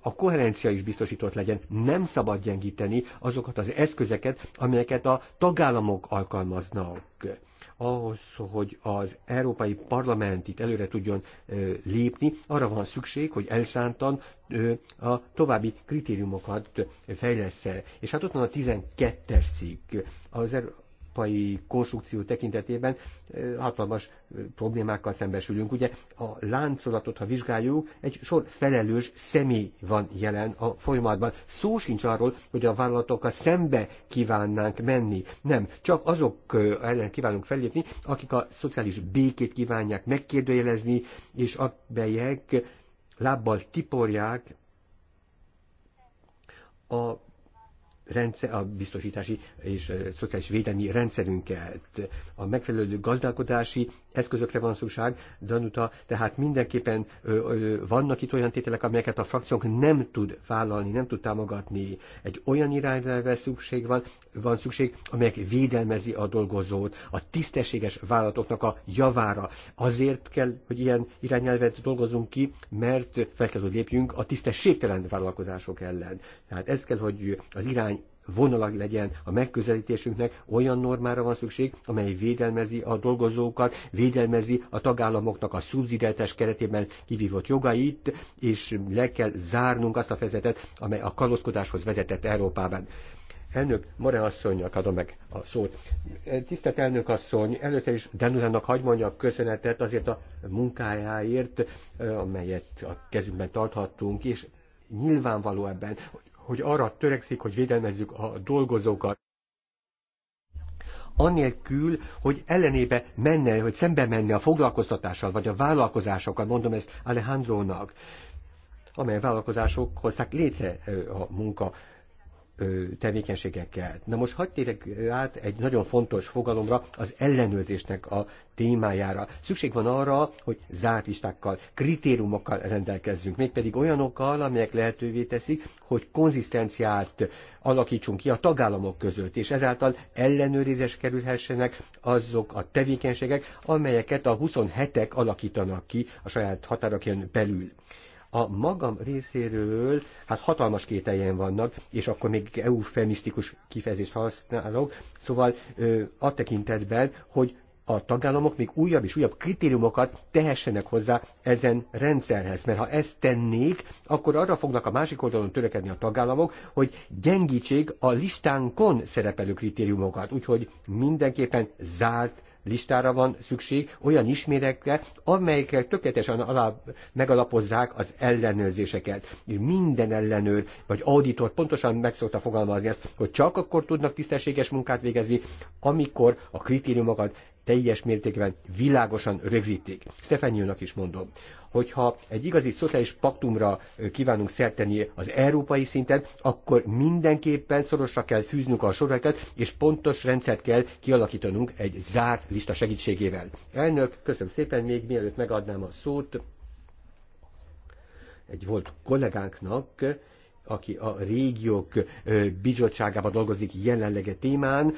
a koherencia is biztosított legyen. Nem szabad gyengíteni azokat az eszközeket, amelyeket a tagállamok alkalmaznak. Ahhoz, hogy az Európai Parlament itt előre tudjon lépni, arra van szükség, hogy elszántan a további kritériumokat fejlesz És hát ott van a 12-es cikk. Az európai konstrukció tekintetében hatalmas problémákkal szembesülünk. Ugye a láncolatot, ha vizsgáljuk, egy sor felelős személy van jelen a folyamatban. Szó sincs arról, hogy a vállalatokkal szembe kívánnánk menni. Nem, csak azok ellen kívánunk fellépni, akik a szociális békét kívánják megkérdőjelezni, és amelyek lábbal tiporják a rendszer, a biztosítási és szociális védelmi rendszerünket. A megfelelő gazdálkodási eszközökre van szükség, Danuta, tehát mindenképpen vannak itt olyan tételek, amelyeket a frakciónk nem tud vállalni, nem tud támogatni. Egy olyan irányelve szükség van, van szükség, amelyek védelmezi a dolgozót, a tisztességes vállalatoknak a javára. Azért kell, hogy ilyen irányelvet dolgozunk ki, mert fel kell, hogy lépjünk a tisztességtelen vállalkozások ellen. Tehát ez kell, hogy az irány vonalak legyen a megközelítésünknek, olyan normára van szükség, amely védelmezi a dolgozókat, védelmezi a tagállamoknak a szubszidiáltás keretében kivívott jogait, és le kell zárnunk azt a fezetet, amely a kalózkodáshoz vezetett Európában. Elnök, Mare asszonynak adom meg a szót. Tisztelt elnök asszony, először is Denulának hagy köszönetet azért a munkájáért, amelyet a kezünkben tarthattunk, és nyilvánvaló ebben, hogy hogy arra törekszik, hogy védelmezzük a dolgozókat, anélkül, hogy ellenébe menne, hogy szembe menne a foglalkoztatással, vagy a vállalkozásokkal, mondom ezt Alejandrónak, amely vállalkozások hozták létre a munka tevékenységekkel. Na most hagyd térek át egy nagyon fontos fogalomra, az ellenőrzésnek a témájára. Szükség van arra, hogy zárt listákkal, kritériumokkal rendelkezzünk, mégpedig olyanokkal, amelyek lehetővé teszik, hogy konzisztenciát alakítsunk ki a tagállamok között, és ezáltal ellenőrizés kerülhessenek azok a tevékenységek, amelyeket a 27-ek alakítanak ki a saját határokon belül. A magam részéről, hát hatalmas kételjen vannak, és akkor még eufemisztikus kifejezést használok, szóval ö, a tekintetben, hogy a tagállamok még újabb és újabb kritériumokat tehessenek hozzá ezen rendszerhez. Mert ha ezt tennék, akkor arra fognak a másik oldalon törekedni a tagállamok, hogy gyengítsék a listánkon szerepelő kritériumokat. Úgyhogy mindenképpen zárt listára van szükség, olyan ismérekkel, amelyekkel tökéletesen alá megalapozzák az ellenőrzéseket. Minden ellenőr vagy auditor pontosan meg szokta fogalmazni ezt, hogy csak akkor tudnak tisztességes munkát végezni, amikor a kritériumokat teljes mértékben világosan rögzítik. Stefaniónak is mondom, hogyha egy igazi szociális paktumra kívánunk szerteni az európai szinten, akkor mindenképpen szorosra kell fűznünk a sorokat, és pontos rendszert kell kialakítanunk egy zárt lista segítségével. Elnök, köszönöm szépen, még mielőtt megadnám a szót egy volt kollégánknak, aki a régiók bizottságában dolgozik jelenlege témán,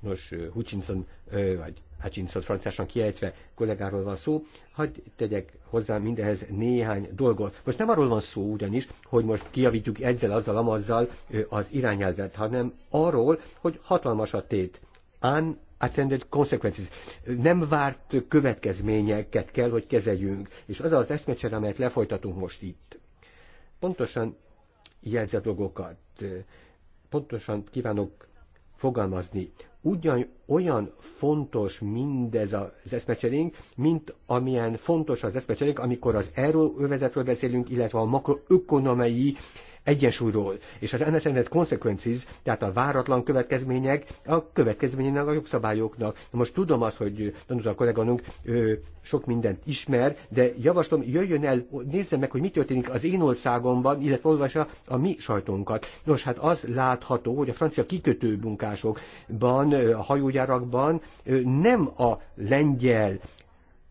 Nos, Hutchinson, vagy Hutchinson franciásan kiejtve kollégáról van szó, hagyd tegyek hozzá mindehez néhány dolgot. Most nem arról van szó ugyanis, hogy most kiavítjuk ezzel, azzal, amazzal az irányelvet, hanem arról, hogy hatalmas a tét. An attended consequences. Nem várt következményeket kell, hogy kezeljünk. És az az eszmecsere, amelyet lefolytatunk most itt. Pontosan jelzett dolgokat. Pontosan kívánok fogalmazni. Ugyan olyan fontos mindez az eszmecserénk, mint amilyen fontos az eszmecserénk, amikor az euróövezetről beszélünk, illetve a makroökonomiai egyesúlyról, és az unintended consequences, tehát a váratlan következmények a következményének a jogszabályoknak. Na most tudom azt, hogy tanult a kolléganunk ö, sok mindent ismer, de javaslom, jöjjön el, nézze meg, hogy mi történik az én országomban, illetve olvassa a mi sajtónkat. Nos, hát az látható, hogy a francia kikötőbunkásokban, a hajógyárakban nem a lengyel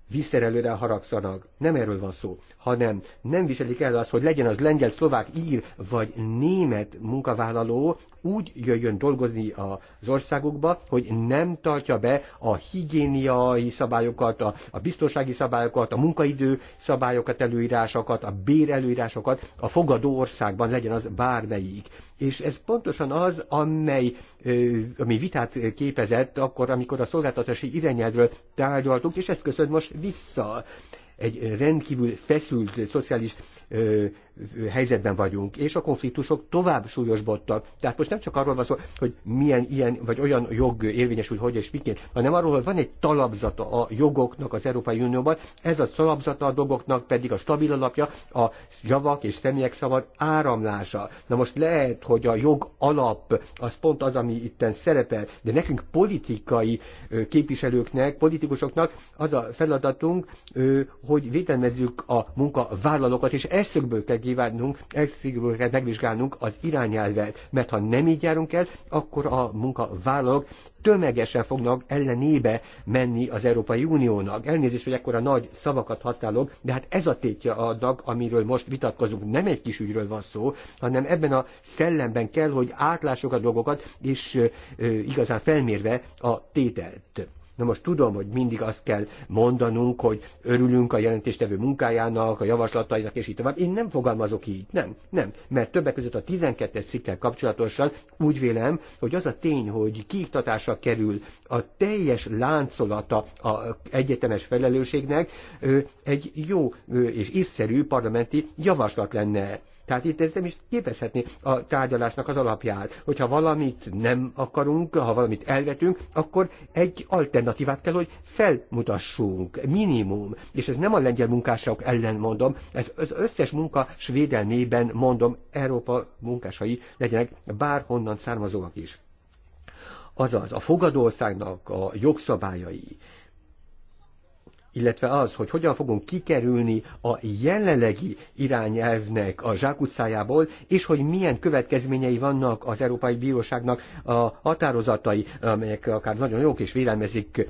visszerelőre haragszanak. Nem erről van szó, hanem nem viselik el az, hogy legyen az lengyel, szlovák, ír vagy német munkavállaló úgy jöjjön dolgozni az országukba, hogy nem tartja be a higiéniai szabályokat, a, a biztonsági szabályokat, a munkaidő szabályokat, előírásokat, a bérelőírásokat a fogadó országban, legyen az bármelyik. És ez pontosan az, amely, ami vitát képezett akkor, amikor a szolgáltatási irányelvről tárgyaltunk, és ezt köszön most vissza egy rendkívül feszült szociális ö, helyzetben vagyunk, és a konfliktusok tovább súlyosbodtak. Tehát most nem csak arról van szó, hogy milyen ilyen vagy olyan jog érvényesül, hogy és miként, hanem arról, hogy van egy talapzata a jogoknak az Európai Unióban, ez a talapzata a dolgoknak pedig a stabil alapja a javak és személyek szabad áramlása. Na most lehet, hogy a jog alap az pont az, ami itten szerepel, de nekünk politikai képviselőknek, politikusoknak az a feladatunk, hogy védelmezzük a munkavállalókat, és eszükből kell kívánunk, szigorúan kell megvizsgálnunk az irányelvet, mert ha nem így járunk el, akkor a munkavállalók tömegesen fognak ellenébe menni az Európai Uniónak. Elnézést, hogy ekkora nagy szavakat használok, de hát ez a tétje adag, amiről most vitatkozunk. Nem egy kis ügyről van szó, hanem ebben a szellemben kell, hogy átlássuk a dolgokat, és igazán felmérve a tételt. Na most tudom, hogy mindig azt kell mondanunk, hogy örülünk a jelentéstevő munkájának, a javaslatainak, és így tovább. Én nem fogalmazok így, nem, nem. Mert többek között a 12-es cikkel kapcsolatosan úgy vélem, hogy az a tény, hogy kiiktatásra kerül a teljes láncolata a egyetemes felelősségnek, egy jó és észszerű parlamenti javaslat lenne. Tehát itt ez nem is képezhetni a tárgyalásnak az alapját. Hogyha valamit nem akarunk, ha valamit elvetünk, akkor egy alternatívát kell, hogy felmutassunk. Minimum. És ez nem a lengyel munkások ellen mondom, ez az összes munka svédelmében mondom, Európa munkásai legyenek bárhonnan származóak is azaz a fogadországnak a jogszabályai illetve az, hogy hogyan fogunk kikerülni a jelenlegi irányelvnek a zsákutcájából, és hogy milyen következményei vannak az Európai Bíróságnak a határozatai, amelyek akár nagyon jók és védelmezik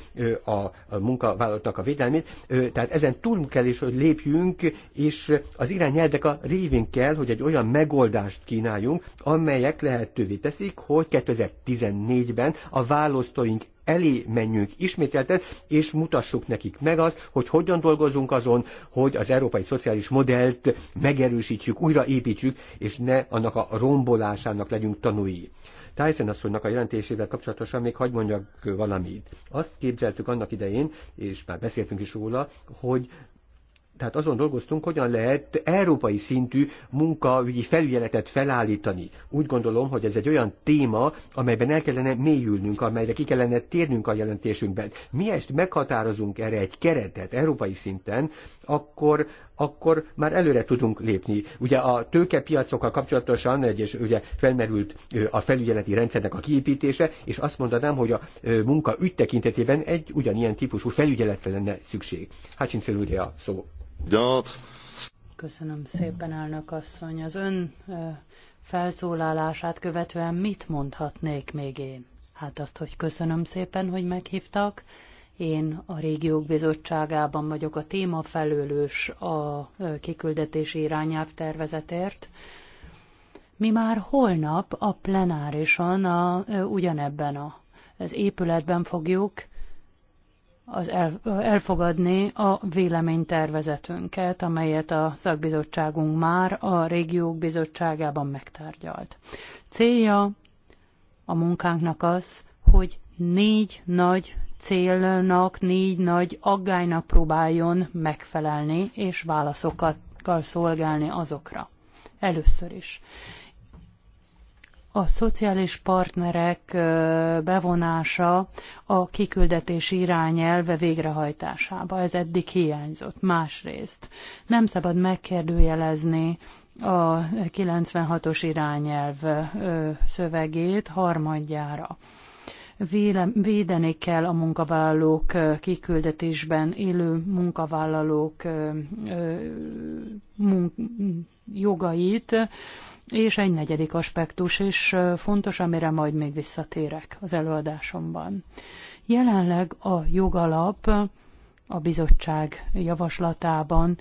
a munkavállalatnak a védelmét. Tehát ezen túl kell is, hogy lépjünk, és az irányelvek a révén kell, hogy egy olyan megoldást kínáljunk, amelyek lehetővé teszik, hogy 2014-ben a választóink elé menjünk ismételten, és mutassuk nekik meg az, hogy hogyan dolgozunk azon, hogy az európai szociális modellt megerősítsük, újraépítsük, és ne annak a rombolásának legyünk tanúi. Tyson asszonynak a jelentésével kapcsolatosan még hagyd mondjak valamit. Azt képzeltük annak idején, és már beszéltünk is róla, hogy tehát azon dolgoztunk, hogyan lehet európai szintű munkaügyi felügyeletet felállítani. Úgy gondolom, hogy ez egy olyan téma, amelyben el kellene mélyülnünk, amelyre ki kellene térnünk a jelentésünkben. Mi ezt meghatározunk erre egy keretet európai szinten, akkor akkor már előre tudunk lépni. Ugye a tőkepiacokkal kapcsolatosan egyes ugye felmerült a felügyeleti rendszernek a kiépítése, és azt mondanám, hogy a munka ügy tekintetében egy ugyanilyen típusú felügyeletre lenne szükség. Hácsin úr a szó. Köszönöm szépen, elnök asszony. Az ön felszólalását követően mit mondhatnék még én? Hát azt, hogy köszönöm szépen, hogy meghívtak, én a régiók bizottságában vagyok a témafelőlős a kiküldetési irányáv tervezetért. Mi már holnap a plenárison a, ugyanebben a, az épületben fogjuk az el, elfogadni a véleménytervezetünket, amelyet a szakbizottságunk már a régiók bizottságában megtárgyalt. Célja a munkánknak az, hogy négy nagy célnak, négy nagy aggálynak próbáljon megfelelni, és válaszokat kell szolgálni azokra. Először is. A szociális partnerek bevonása a kiküldetés irányelve végrehajtásába. Ez eddig hiányzott. Másrészt nem szabad megkérdőjelezni a 96-os irányelv szövegét harmadjára védeni kell a munkavállalók kiküldetésben élő munkavállalók jogait, és egy negyedik aspektus is fontos, amire majd még visszatérek az előadásomban. Jelenleg a jogalap a bizottság javaslatában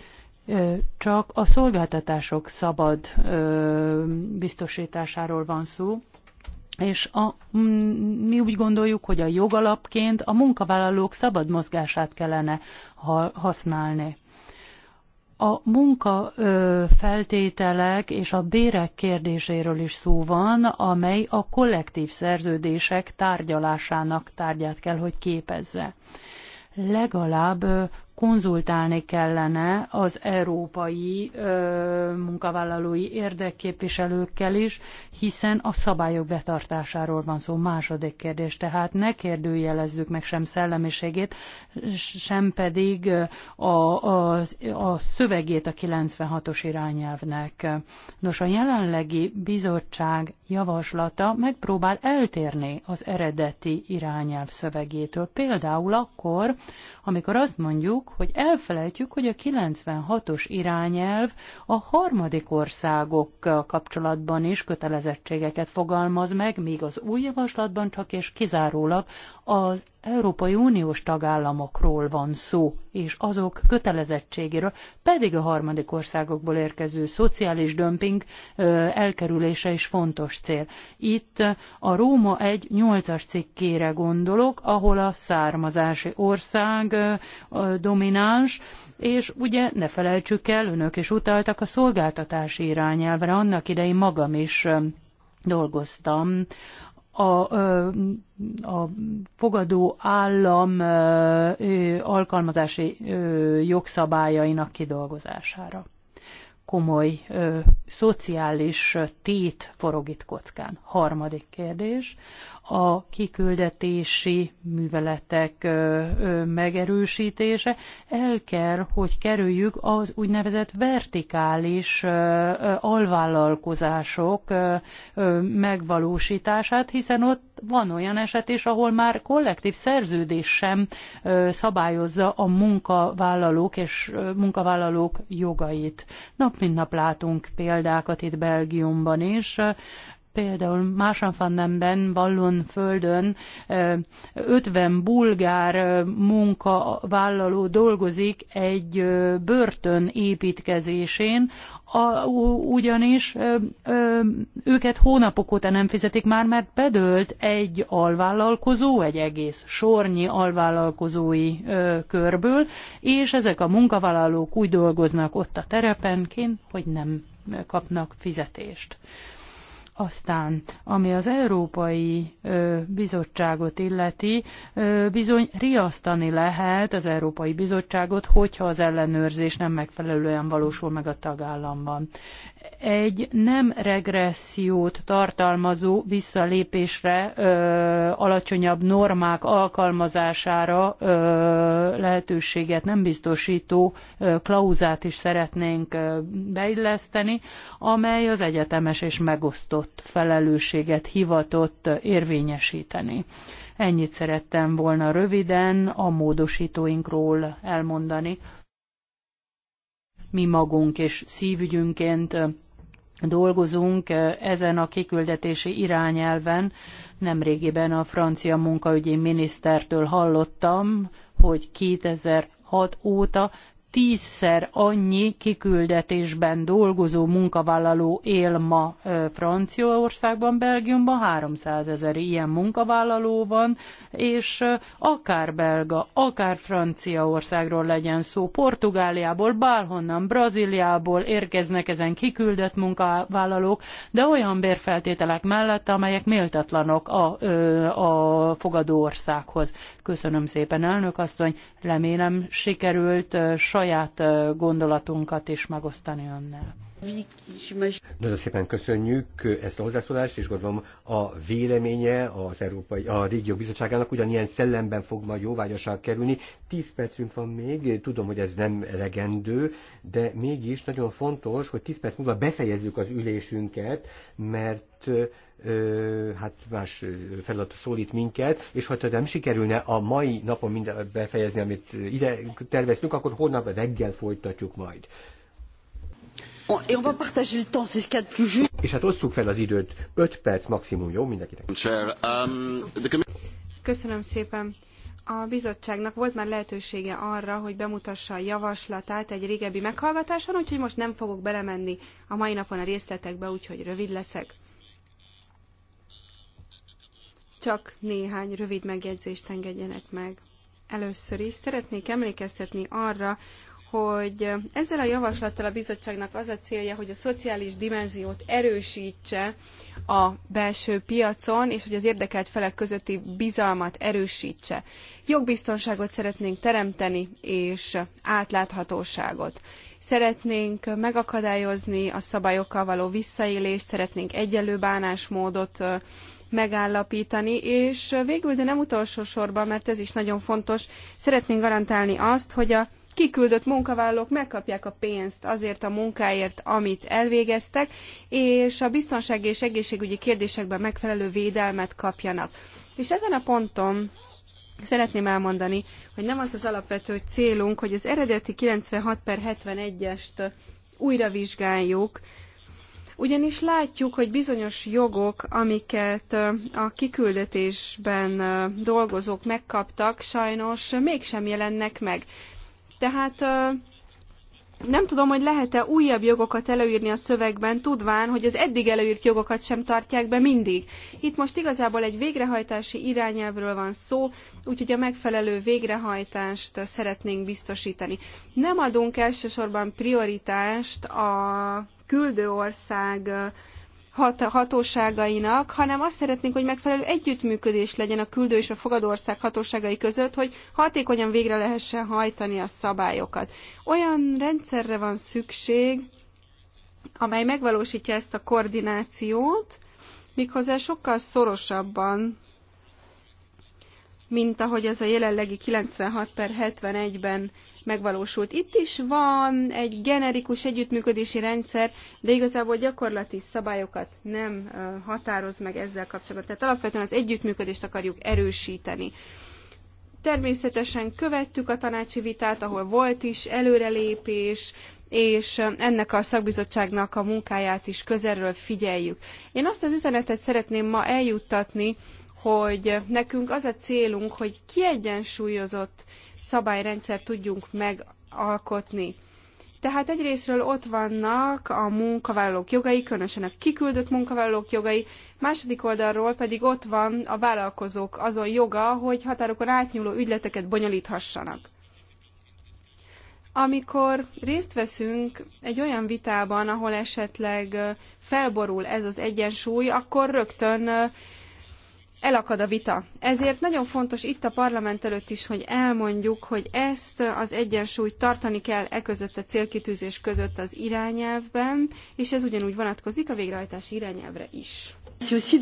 csak a szolgáltatások szabad biztosításáról van szó, és a, mm, mi úgy gondoljuk, hogy a jogalapként a munkavállalók szabad mozgását kellene használni. A munka feltételek és a bérek kérdéséről is szó van, amely a kollektív szerződések tárgyalásának tárgyát kell, hogy képezze. Legalább konzultálni kellene az európai ö, munkavállalói érdekképviselőkkel is, hiszen a szabályok betartásáról van szó. Második kérdés, tehát ne kérdőjelezzük meg sem szellemiségét, sem pedig a, a, a szövegét a 96-os irányelvnek. Nos, a jelenlegi bizottság javaslata megpróbál eltérni az eredeti irányelv szövegétől. Például akkor, amikor azt mondjuk, hogy elfelejtjük, hogy a 96-os irányelv a harmadik országok kapcsolatban is kötelezettségeket fogalmaz meg, míg az új javaslatban csak és kizárólag az Európai Uniós tagállamokról van szó, és azok kötelezettségéről, pedig a harmadik országokból érkező szociális dömping elkerülése is fontos cél. Itt a Róma 1 8-as cikkére gondolok, ahol a származási ország domináns, és ugye ne felejtsük el, önök is utaltak a szolgáltatási irányelvre, annak idején magam is dolgoztam a, a fogadó állam alkalmazási jogszabályainak kidolgozására. Komoly ö, szociális tét forog itt kockán. Harmadik kérdés a kiküldetési műveletek megerősítése, el kell, hogy kerüljük az úgynevezett vertikális alvállalkozások megvalósítását, hiszen ott van olyan eset is, ahol már kollektív szerződés sem szabályozza a munkavállalók és munkavállalók jogait. Nap mint nap látunk példákat itt Belgiumban is, például Másanfannemben, Ballon földön 50 bulgár munkavállaló dolgozik egy börtön építkezésén, a, ugyanis ö, ö, őket hónapok óta nem fizetik már, mert bedölt egy alvállalkozó, egy egész sornyi alvállalkozói ö, körből, és ezek a munkavállalók úgy dolgoznak ott a terepenként, hogy nem kapnak fizetést. Ö, aztán, ami az Európai ö, Bizottságot illeti, ö, bizony riasztani lehet az Európai Bizottságot, hogyha az ellenőrzés nem megfelelően valósul meg a tagállamban egy nem regressziót tartalmazó visszalépésre, ö, alacsonyabb normák alkalmazására ö, lehetőséget nem biztosító ö, klauzát is szeretnénk ö, beilleszteni, amely az egyetemes és megosztott felelősséget hivatott érvényesíteni. Ennyit szerettem volna röviden a módosítóinkról elmondani mi magunk és szívügyünként dolgozunk ezen a kiküldetési irányelven. Nemrégiben a francia munkaügyi minisztertől hallottam, hogy 2006 óta tízszer annyi kiküldetésben dolgozó munkavállaló él ma Franciaországban, Belgiumban, 300 ezer ilyen munkavállaló van, és akár belga, akár Franciaországról legyen szó, Portugáliából, bárhonnan, Brazíliából érkeznek ezen kiküldött munkavállalók, de olyan bérfeltételek mellett, amelyek méltatlanok a, a fogadó országhoz. Köszönöm szépen, elnök asszony, remélem sikerült saját gondolatunkat is megosztani önnel. Nagyon szépen köszönjük ezt a hozzászólást, és gondolom a véleménye az Európai, a Régió Bizottságának ugyanilyen szellemben fog majd jóvágyosan kerülni. Tíz percünk van még, tudom, hogy ez nem elegendő, de mégis nagyon fontos, hogy tíz perc múlva befejezzük az ülésünket, mert hát más feladat szólít minket, és ha nem sikerülne a mai napon minden befejezni, amit ide terveztünk, akkor holnap reggel folytatjuk majd. És hát osszuk fel az időt, 5 perc maximum, jó mindenkinek? Um, Köszönöm szépen. A bizottságnak volt már lehetősége arra, hogy bemutassa a javaslatát egy régebbi meghallgatáson, úgyhogy most nem fogok belemenni a mai napon a részletekbe, úgyhogy rövid leszek. Csak néhány rövid megjegyzést engedjenek meg. Először is szeretnék emlékeztetni arra, hogy ezzel a javaslattal a bizottságnak az a célja, hogy a szociális dimenziót erősítse a belső piacon, és hogy az érdekelt felek közötti bizalmat erősítse. Jogbiztonságot szeretnénk teremteni, és átláthatóságot. Szeretnénk megakadályozni a szabályokkal való visszaélést, szeretnénk egyenlő bánásmódot megállapítani, és végül, de nem utolsó sorban, mert ez is nagyon fontos, szeretnénk garantálni azt, hogy a kiküldött munkavállalók megkapják a pénzt azért a munkáért, amit elvégeztek, és a biztonsági és egészségügyi kérdésekben megfelelő védelmet kapjanak. És ezen a ponton szeretném elmondani, hogy nem az az alapvető célunk, hogy az eredeti 96 per 71-est újra vizsgáljuk, ugyanis látjuk, hogy bizonyos jogok, amiket a kiküldetésben dolgozók megkaptak, sajnos mégsem jelennek meg. Tehát nem tudom, hogy lehet-e újabb jogokat előírni a szövegben, tudván, hogy az eddig előírt jogokat sem tartják be mindig. Itt most igazából egy végrehajtási irányelvről van szó, úgyhogy a megfelelő végrehajtást szeretnénk biztosítani. Nem adunk elsősorban prioritást a küldő ország hat hatóságainak, hanem azt szeretnénk, hogy megfelelő együttműködés legyen a küldő és a fogadó ország hatóságai között, hogy hatékonyan végre lehessen hajtani a szabályokat. Olyan rendszerre van szükség, amely megvalósítja ezt a koordinációt, méghozzá sokkal szorosabban, mint ahogy ez a jelenlegi 96 per 71-ben megvalósult. Itt is van egy generikus együttműködési rendszer, de igazából gyakorlati szabályokat nem határoz meg ezzel kapcsolatban. Tehát alapvetően az együttműködést akarjuk erősíteni. Természetesen követtük a tanácsi vitát, ahol volt is előrelépés, és ennek a szakbizottságnak a munkáját is közelről figyeljük. Én azt az üzenetet szeretném ma eljuttatni, hogy nekünk az a célunk, hogy kiegyensúlyozott szabályrendszert tudjunk megalkotni. Tehát egyrésztről ott vannak a munkavállalók jogai, különösen a kiküldött munkavállalók jogai, második oldalról pedig ott van a vállalkozók azon joga, hogy határokon átnyúló ügyleteket bonyolíthassanak. Amikor részt veszünk egy olyan vitában, ahol esetleg felborul ez az egyensúly, akkor rögtön elakad a vita. Ezért nagyon fontos itt a parlament előtt is, hogy elmondjuk, hogy ezt az egyensúlyt tartani kell e között a célkitűzés között az irányelvben, és ez ugyanúgy vonatkozik a végrehajtási irányelvre is. Köszönöm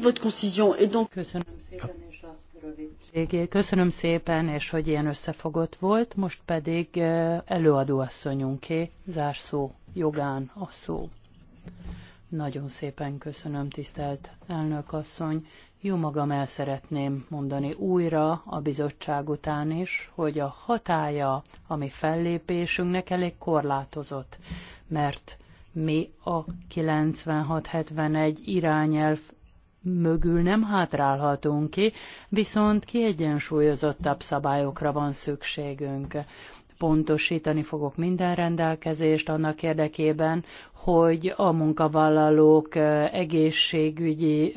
szépen, és a Köszönöm szépen, és hogy ilyen összefogott volt. Most pedig előadóasszonyunké, zárszó jogán a szó. Nagyon szépen köszönöm, tisztelt elnök asszony. Jó magam el szeretném mondani újra a bizottság után is, hogy a hatája a mi fellépésünknek elég korlátozott, mert mi a 9671 irányelv mögül nem hátrálhatunk ki, viszont kiegyensúlyozottabb szabályokra van szükségünk pontosítani fogok minden rendelkezést annak érdekében, hogy a munkavállalók egészségügyi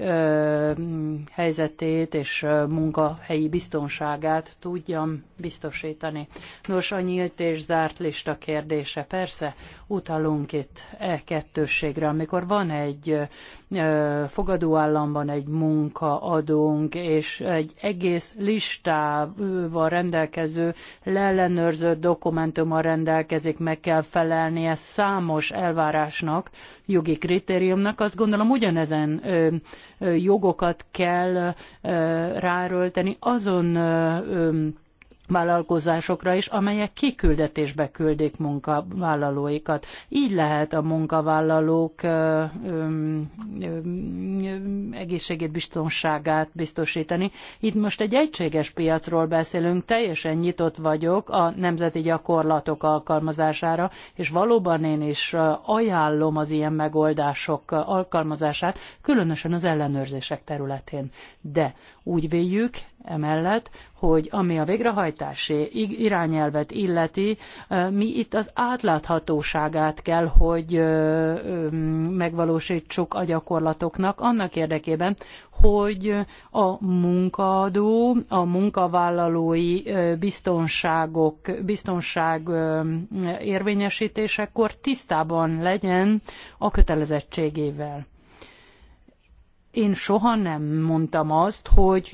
helyzetét és munkahelyi biztonságát tudjam biztosítani. Nos, a nyílt és zárt lista kérdése. Persze, utalunk itt e kettősségre. Amikor van egy fogadóállamban egy munkaadónk, és egy egész listával rendelkező leellenőrzött dokumentummal rendelkezik, meg kell felelnie számos elvárásnak, jogi kritériumnak. Azt gondolom ugyanezen ö, ö, jogokat kell ö, rárölteni azon ö, ö, vállalkozásokra is, amelyek kiküldetésbe küldik munkavállalóikat. Így lehet a munkavállalók ö, ö, ö, egészségét, biztonságát biztosítani. Itt most egy egységes piacról beszélünk, teljesen nyitott vagyok a nemzeti gyakorlatok alkalmazására, és valóban én is ajánlom az ilyen megoldások alkalmazását, különösen az ellenőrzések területén. De úgy véljük, emellett, hogy ami a végrehajtási irányelvet illeti, mi itt az átláthatóságát kell, hogy megvalósítsuk a gyakorlatoknak annak érdekében, hogy a munkaadó, a munkavállalói biztonságok, biztonság érvényesítésekor tisztában legyen a kötelezettségével én soha nem mondtam azt, hogy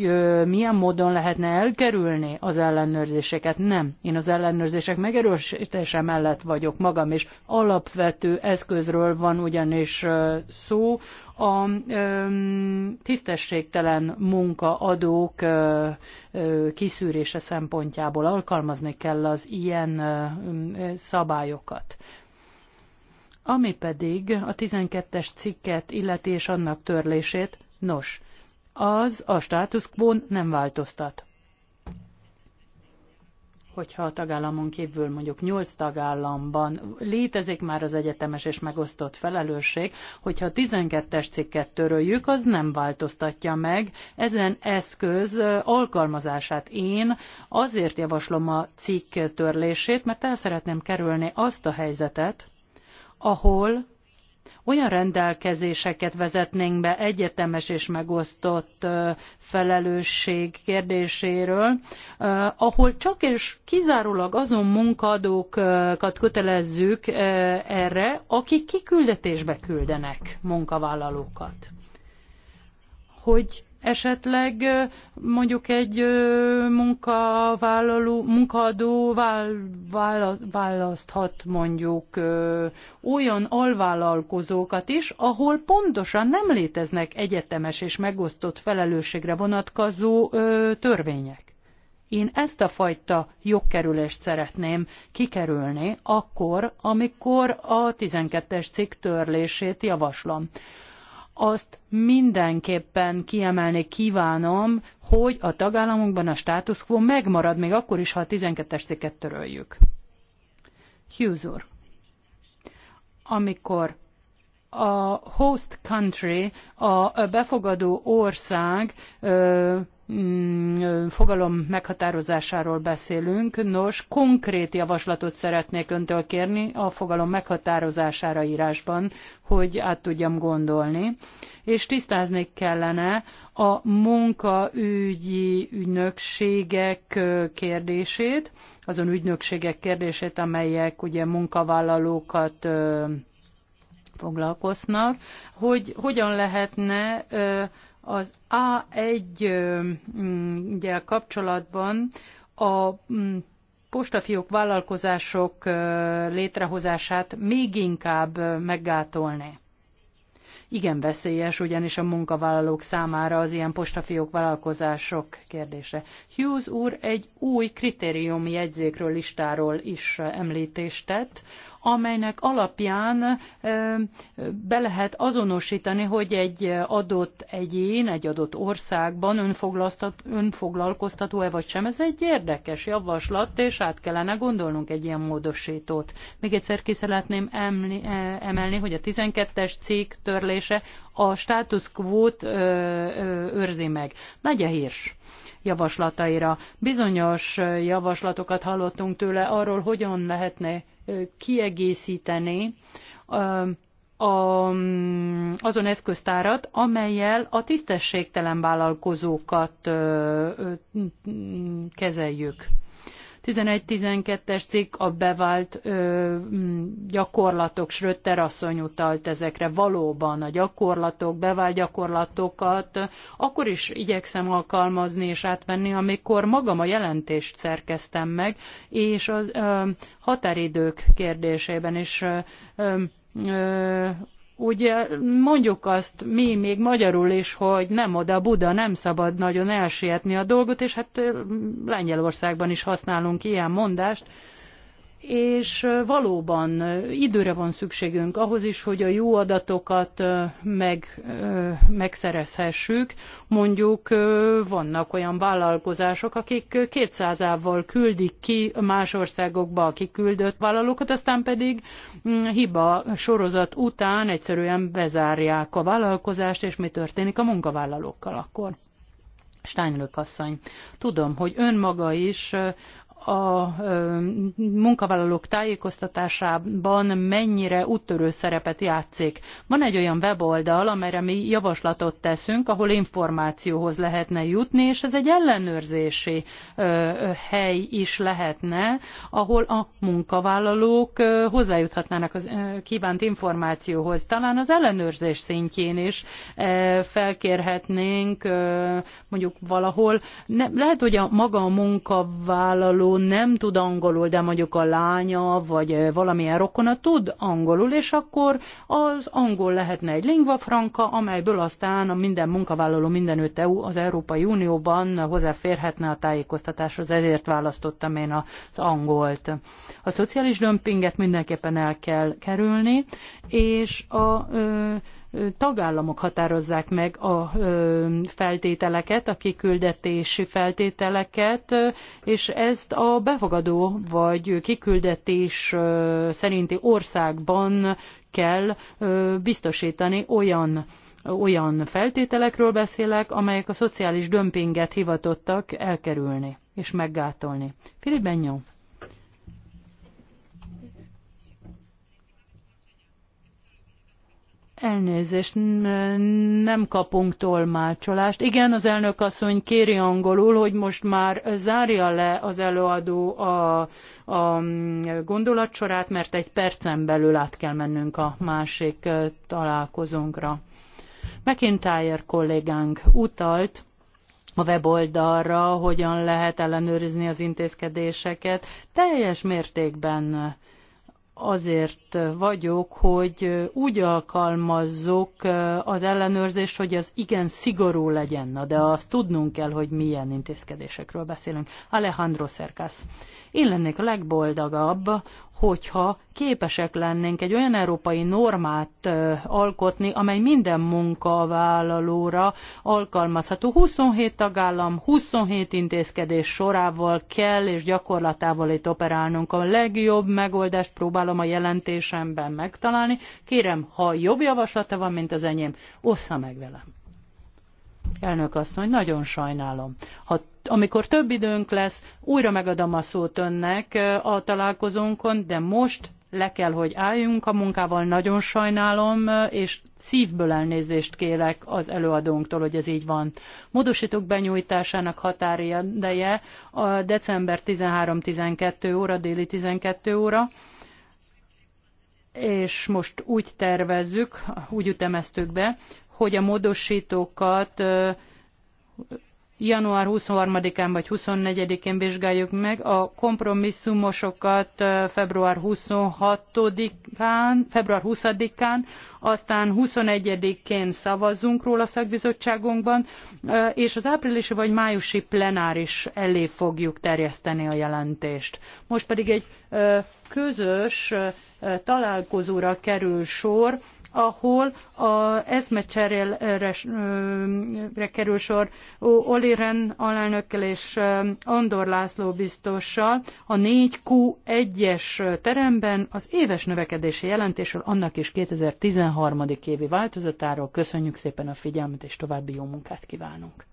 milyen módon lehetne elkerülni az ellenőrzéseket. Nem. Én az ellenőrzések megerősítése mellett vagyok magam, és alapvető eszközről van ugyanis szó. A tisztességtelen munkaadók kiszűrése szempontjából alkalmazni kell az ilyen szabályokat. Ami pedig a 12-es cikket illeti és annak törlését, nos, az a status quo nem változtat. Hogyha a tagállamon kívül mondjuk 8 tagállamban létezik már az egyetemes és megosztott felelősség, hogyha a 12-es cikket töröljük, az nem változtatja meg ezen eszköz alkalmazását. Én azért javaslom a cikk törlését, mert el szeretném kerülni azt a helyzetet, ahol olyan rendelkezéseket vezetnénk be egyetemes és megosztott felelősség kérdéséről, ahol csak és kizárólag azon munkadókat kötelezzük erre, akik kiküldetésbe küldenek munkavállalókat. Hogy esetleg mondjuk egy munkavállaló, vál, vál, választhat mondjuk olyan alvállalkozókat is, ahol pontosan nem léteznek egyetemes és megosztott felelősségre vonatkozó törvények. Én ezt a fajta jogkerülést szeretném kikerülni akkor, amikor a 12-es cikk törlését javaslom azt mindenképpen kiemelni kívánom, hogy a tagállamokban a státusz, quo megmarad, még akkor is, ha a 12-es cikket töröljük. Hughes úr, amikor a host country, a befogadó ország Mm, fogalom meghatározásáról beszélünk. Nos, konkrét javaslatot szeretnék öntől kérni a fogalom meghatározására írásban, hogy át tudjam gondolni. És tisztázni kellene a munkaügyi ügynökségek kérdését, azon ügynökségek kérdését, amelyek ugye munkavállalókat foglalkoznak, hogy hogyan lehetne az A1-gyel mm, kapcsolatban a mm, postafiók vállalkozások létrehozását még inkább meggátolni. Igen veszélyes, ugyanis a munkavállalók számára az ilyen postafiók vállalkozások kérdése. Hughes úr egy új kritérium jegyzékről, listáról is említést tett, amelynek alapján be lehet azonosítani, hogy egy adott egyén, egy adott országban önfoglalkoztató-e vagy sem. Ez egy érdekes javaslat, és át kellene gondolnunk egy ilyen módosítót. Még egyszer ki szeretném e, emelni, hogy a 12-es cég törlése a státusz quót őrzi meg. Nagy a hírs javaslataira. Bizonyos javaslatokat hallottunk tőle arról, hogyan lehetne kiegészíteni azon eszköztárat, amelyel a tisztességtelen vállalkozókat kezeljük. 11-12-es cikk a bevált ö, gyakorlatok, Schröter asszony utalt ezekre valóban a gyakorlatok, bevált gyakorlatokat, akkor is igyekszem alkalmazni és átvenni, amikor magam a jelentést szerkeztem meg, és az ö, határidők kérdésében is ö, ugye mondjuk azt mi még magyarul is, hogy nem oda Buda, nem szabad nagyon elsietni a dolgot, és hát Lengyelországban is használunk ilyen mondást, és valóban időre van szükségünk ahhoz is, hogy a jó adatokat meg, megszerezhessük. Mondjuk vannak olyan vállalkozások, akik kétszázával küldik ki más országokba a kiküldött vállalókat, aztán pedig mm, hiba sorozat után egyszerűen bezárják a vállalkozást, és mi történik a munkavállalókkal akkor. Steinrück asszony, tudom, hogy ön maga is a munkavállalók tájékoztatásában mennyire úttörő szerepet játszik. Van egy olyan weboldal, amelyre mi javaslatot teszünk, ahol információhoz lehetne jutni, és ez egy ellenőrzési hely is lehetne, ahol a munkavállalók hozzájuthatnának az kívánt információhoz. Talán az ellenőrzés szintjén is felkérhetnénk mondjuk valahol, lehet, hogy a maga a munkavállaló nem tud angolul, de mondjuk a lánya, vagy valamilyen rokona tud angolul, és akkor az angol lehetne egy lingva franka, amelyből aztán a minden munkavállaló mindenütt EU az Európai Unióban hozzáférhetne a tájékoztatáshoz, ezért választottam én az angolt. A szociális dömpinget mindenképpen el kell kerülni, és a ö, tagállamok határozzák meg a feltételeket, a kiküldetési feltételeket, és ezt a befogadó vagy kiküldetés szerinti országban kell biztosítani olyan olyan feltételekről beszélek, amelyek a szociális dömpinget hivatottak elkerülni és meggátolni. Filip Benyó. Elnézést, nem kapunk tolmácsolást. Igen, az elnök asszony kéri angolul, hogy most már zárja le az előadó a, a gondolatsorát, mert egy percen belül át kell mennünk a másik találkozónkra. McIntyre kollégánk utalt a weboldalra, hogyan lehet ellenőrizni az intézkedéseket. Teljes mértékben azért vagyok, hogy úgy alkalmazzuk az ellenőrzést, hogy az igen szigorú legyen, Na, de azt tudnunk kell, hogy milyen intézkedésekről beszélünk. Alejandro Szerkász. Én lennék a legboldogabb, hogyha képesek lennénk egy olyan európai normát alkotni, amely minden munkavállalóra alkalmazható. 27 tagállam, 27 intézkedés sorával kell és gyakorlatával itt operálnunk. A legjobb megoldást próbálom a jelentésemben megtalálni. Kérem, ha jobb javaslata van, mint az enyém, ossza meg velem. Elnök asszony, nagyon sajnálom. Ha, amikor több időnk lesz, újra megadom a szót önnek a találkozónkon, de most le kell, hogy álljunk a munkával, nagyon sajnálom, és szívből elnézést kérek az előadónktól, hogy ez így van. Módosítók benyújtásának határideje a december 13-12 óra, déli 12 óra, és most úgy tervezzük, úgy ütemeztük be, hogy a módosítókat január 23-án vagy 24-én vizsgáljuk meg, a kompromisszumosokat február 26-án, február 20-án, aztán 21-én szavazunk róla szakbizottságunkban, és az áprilisi vagy májusi plenáris elé fogjuk terjeszteni a jelentést. Most pedig egy közös találkozóra kerül sor ahol a eszmecserélre kerül sor Oli Ren alelnökkel és Andor László biztossal a 4Q1-es teremben az éves növekedési jelentésről, annak is 2013. évi változatáról. Köszönjük szépen a figyelmet, és további jó munkát kívánunk!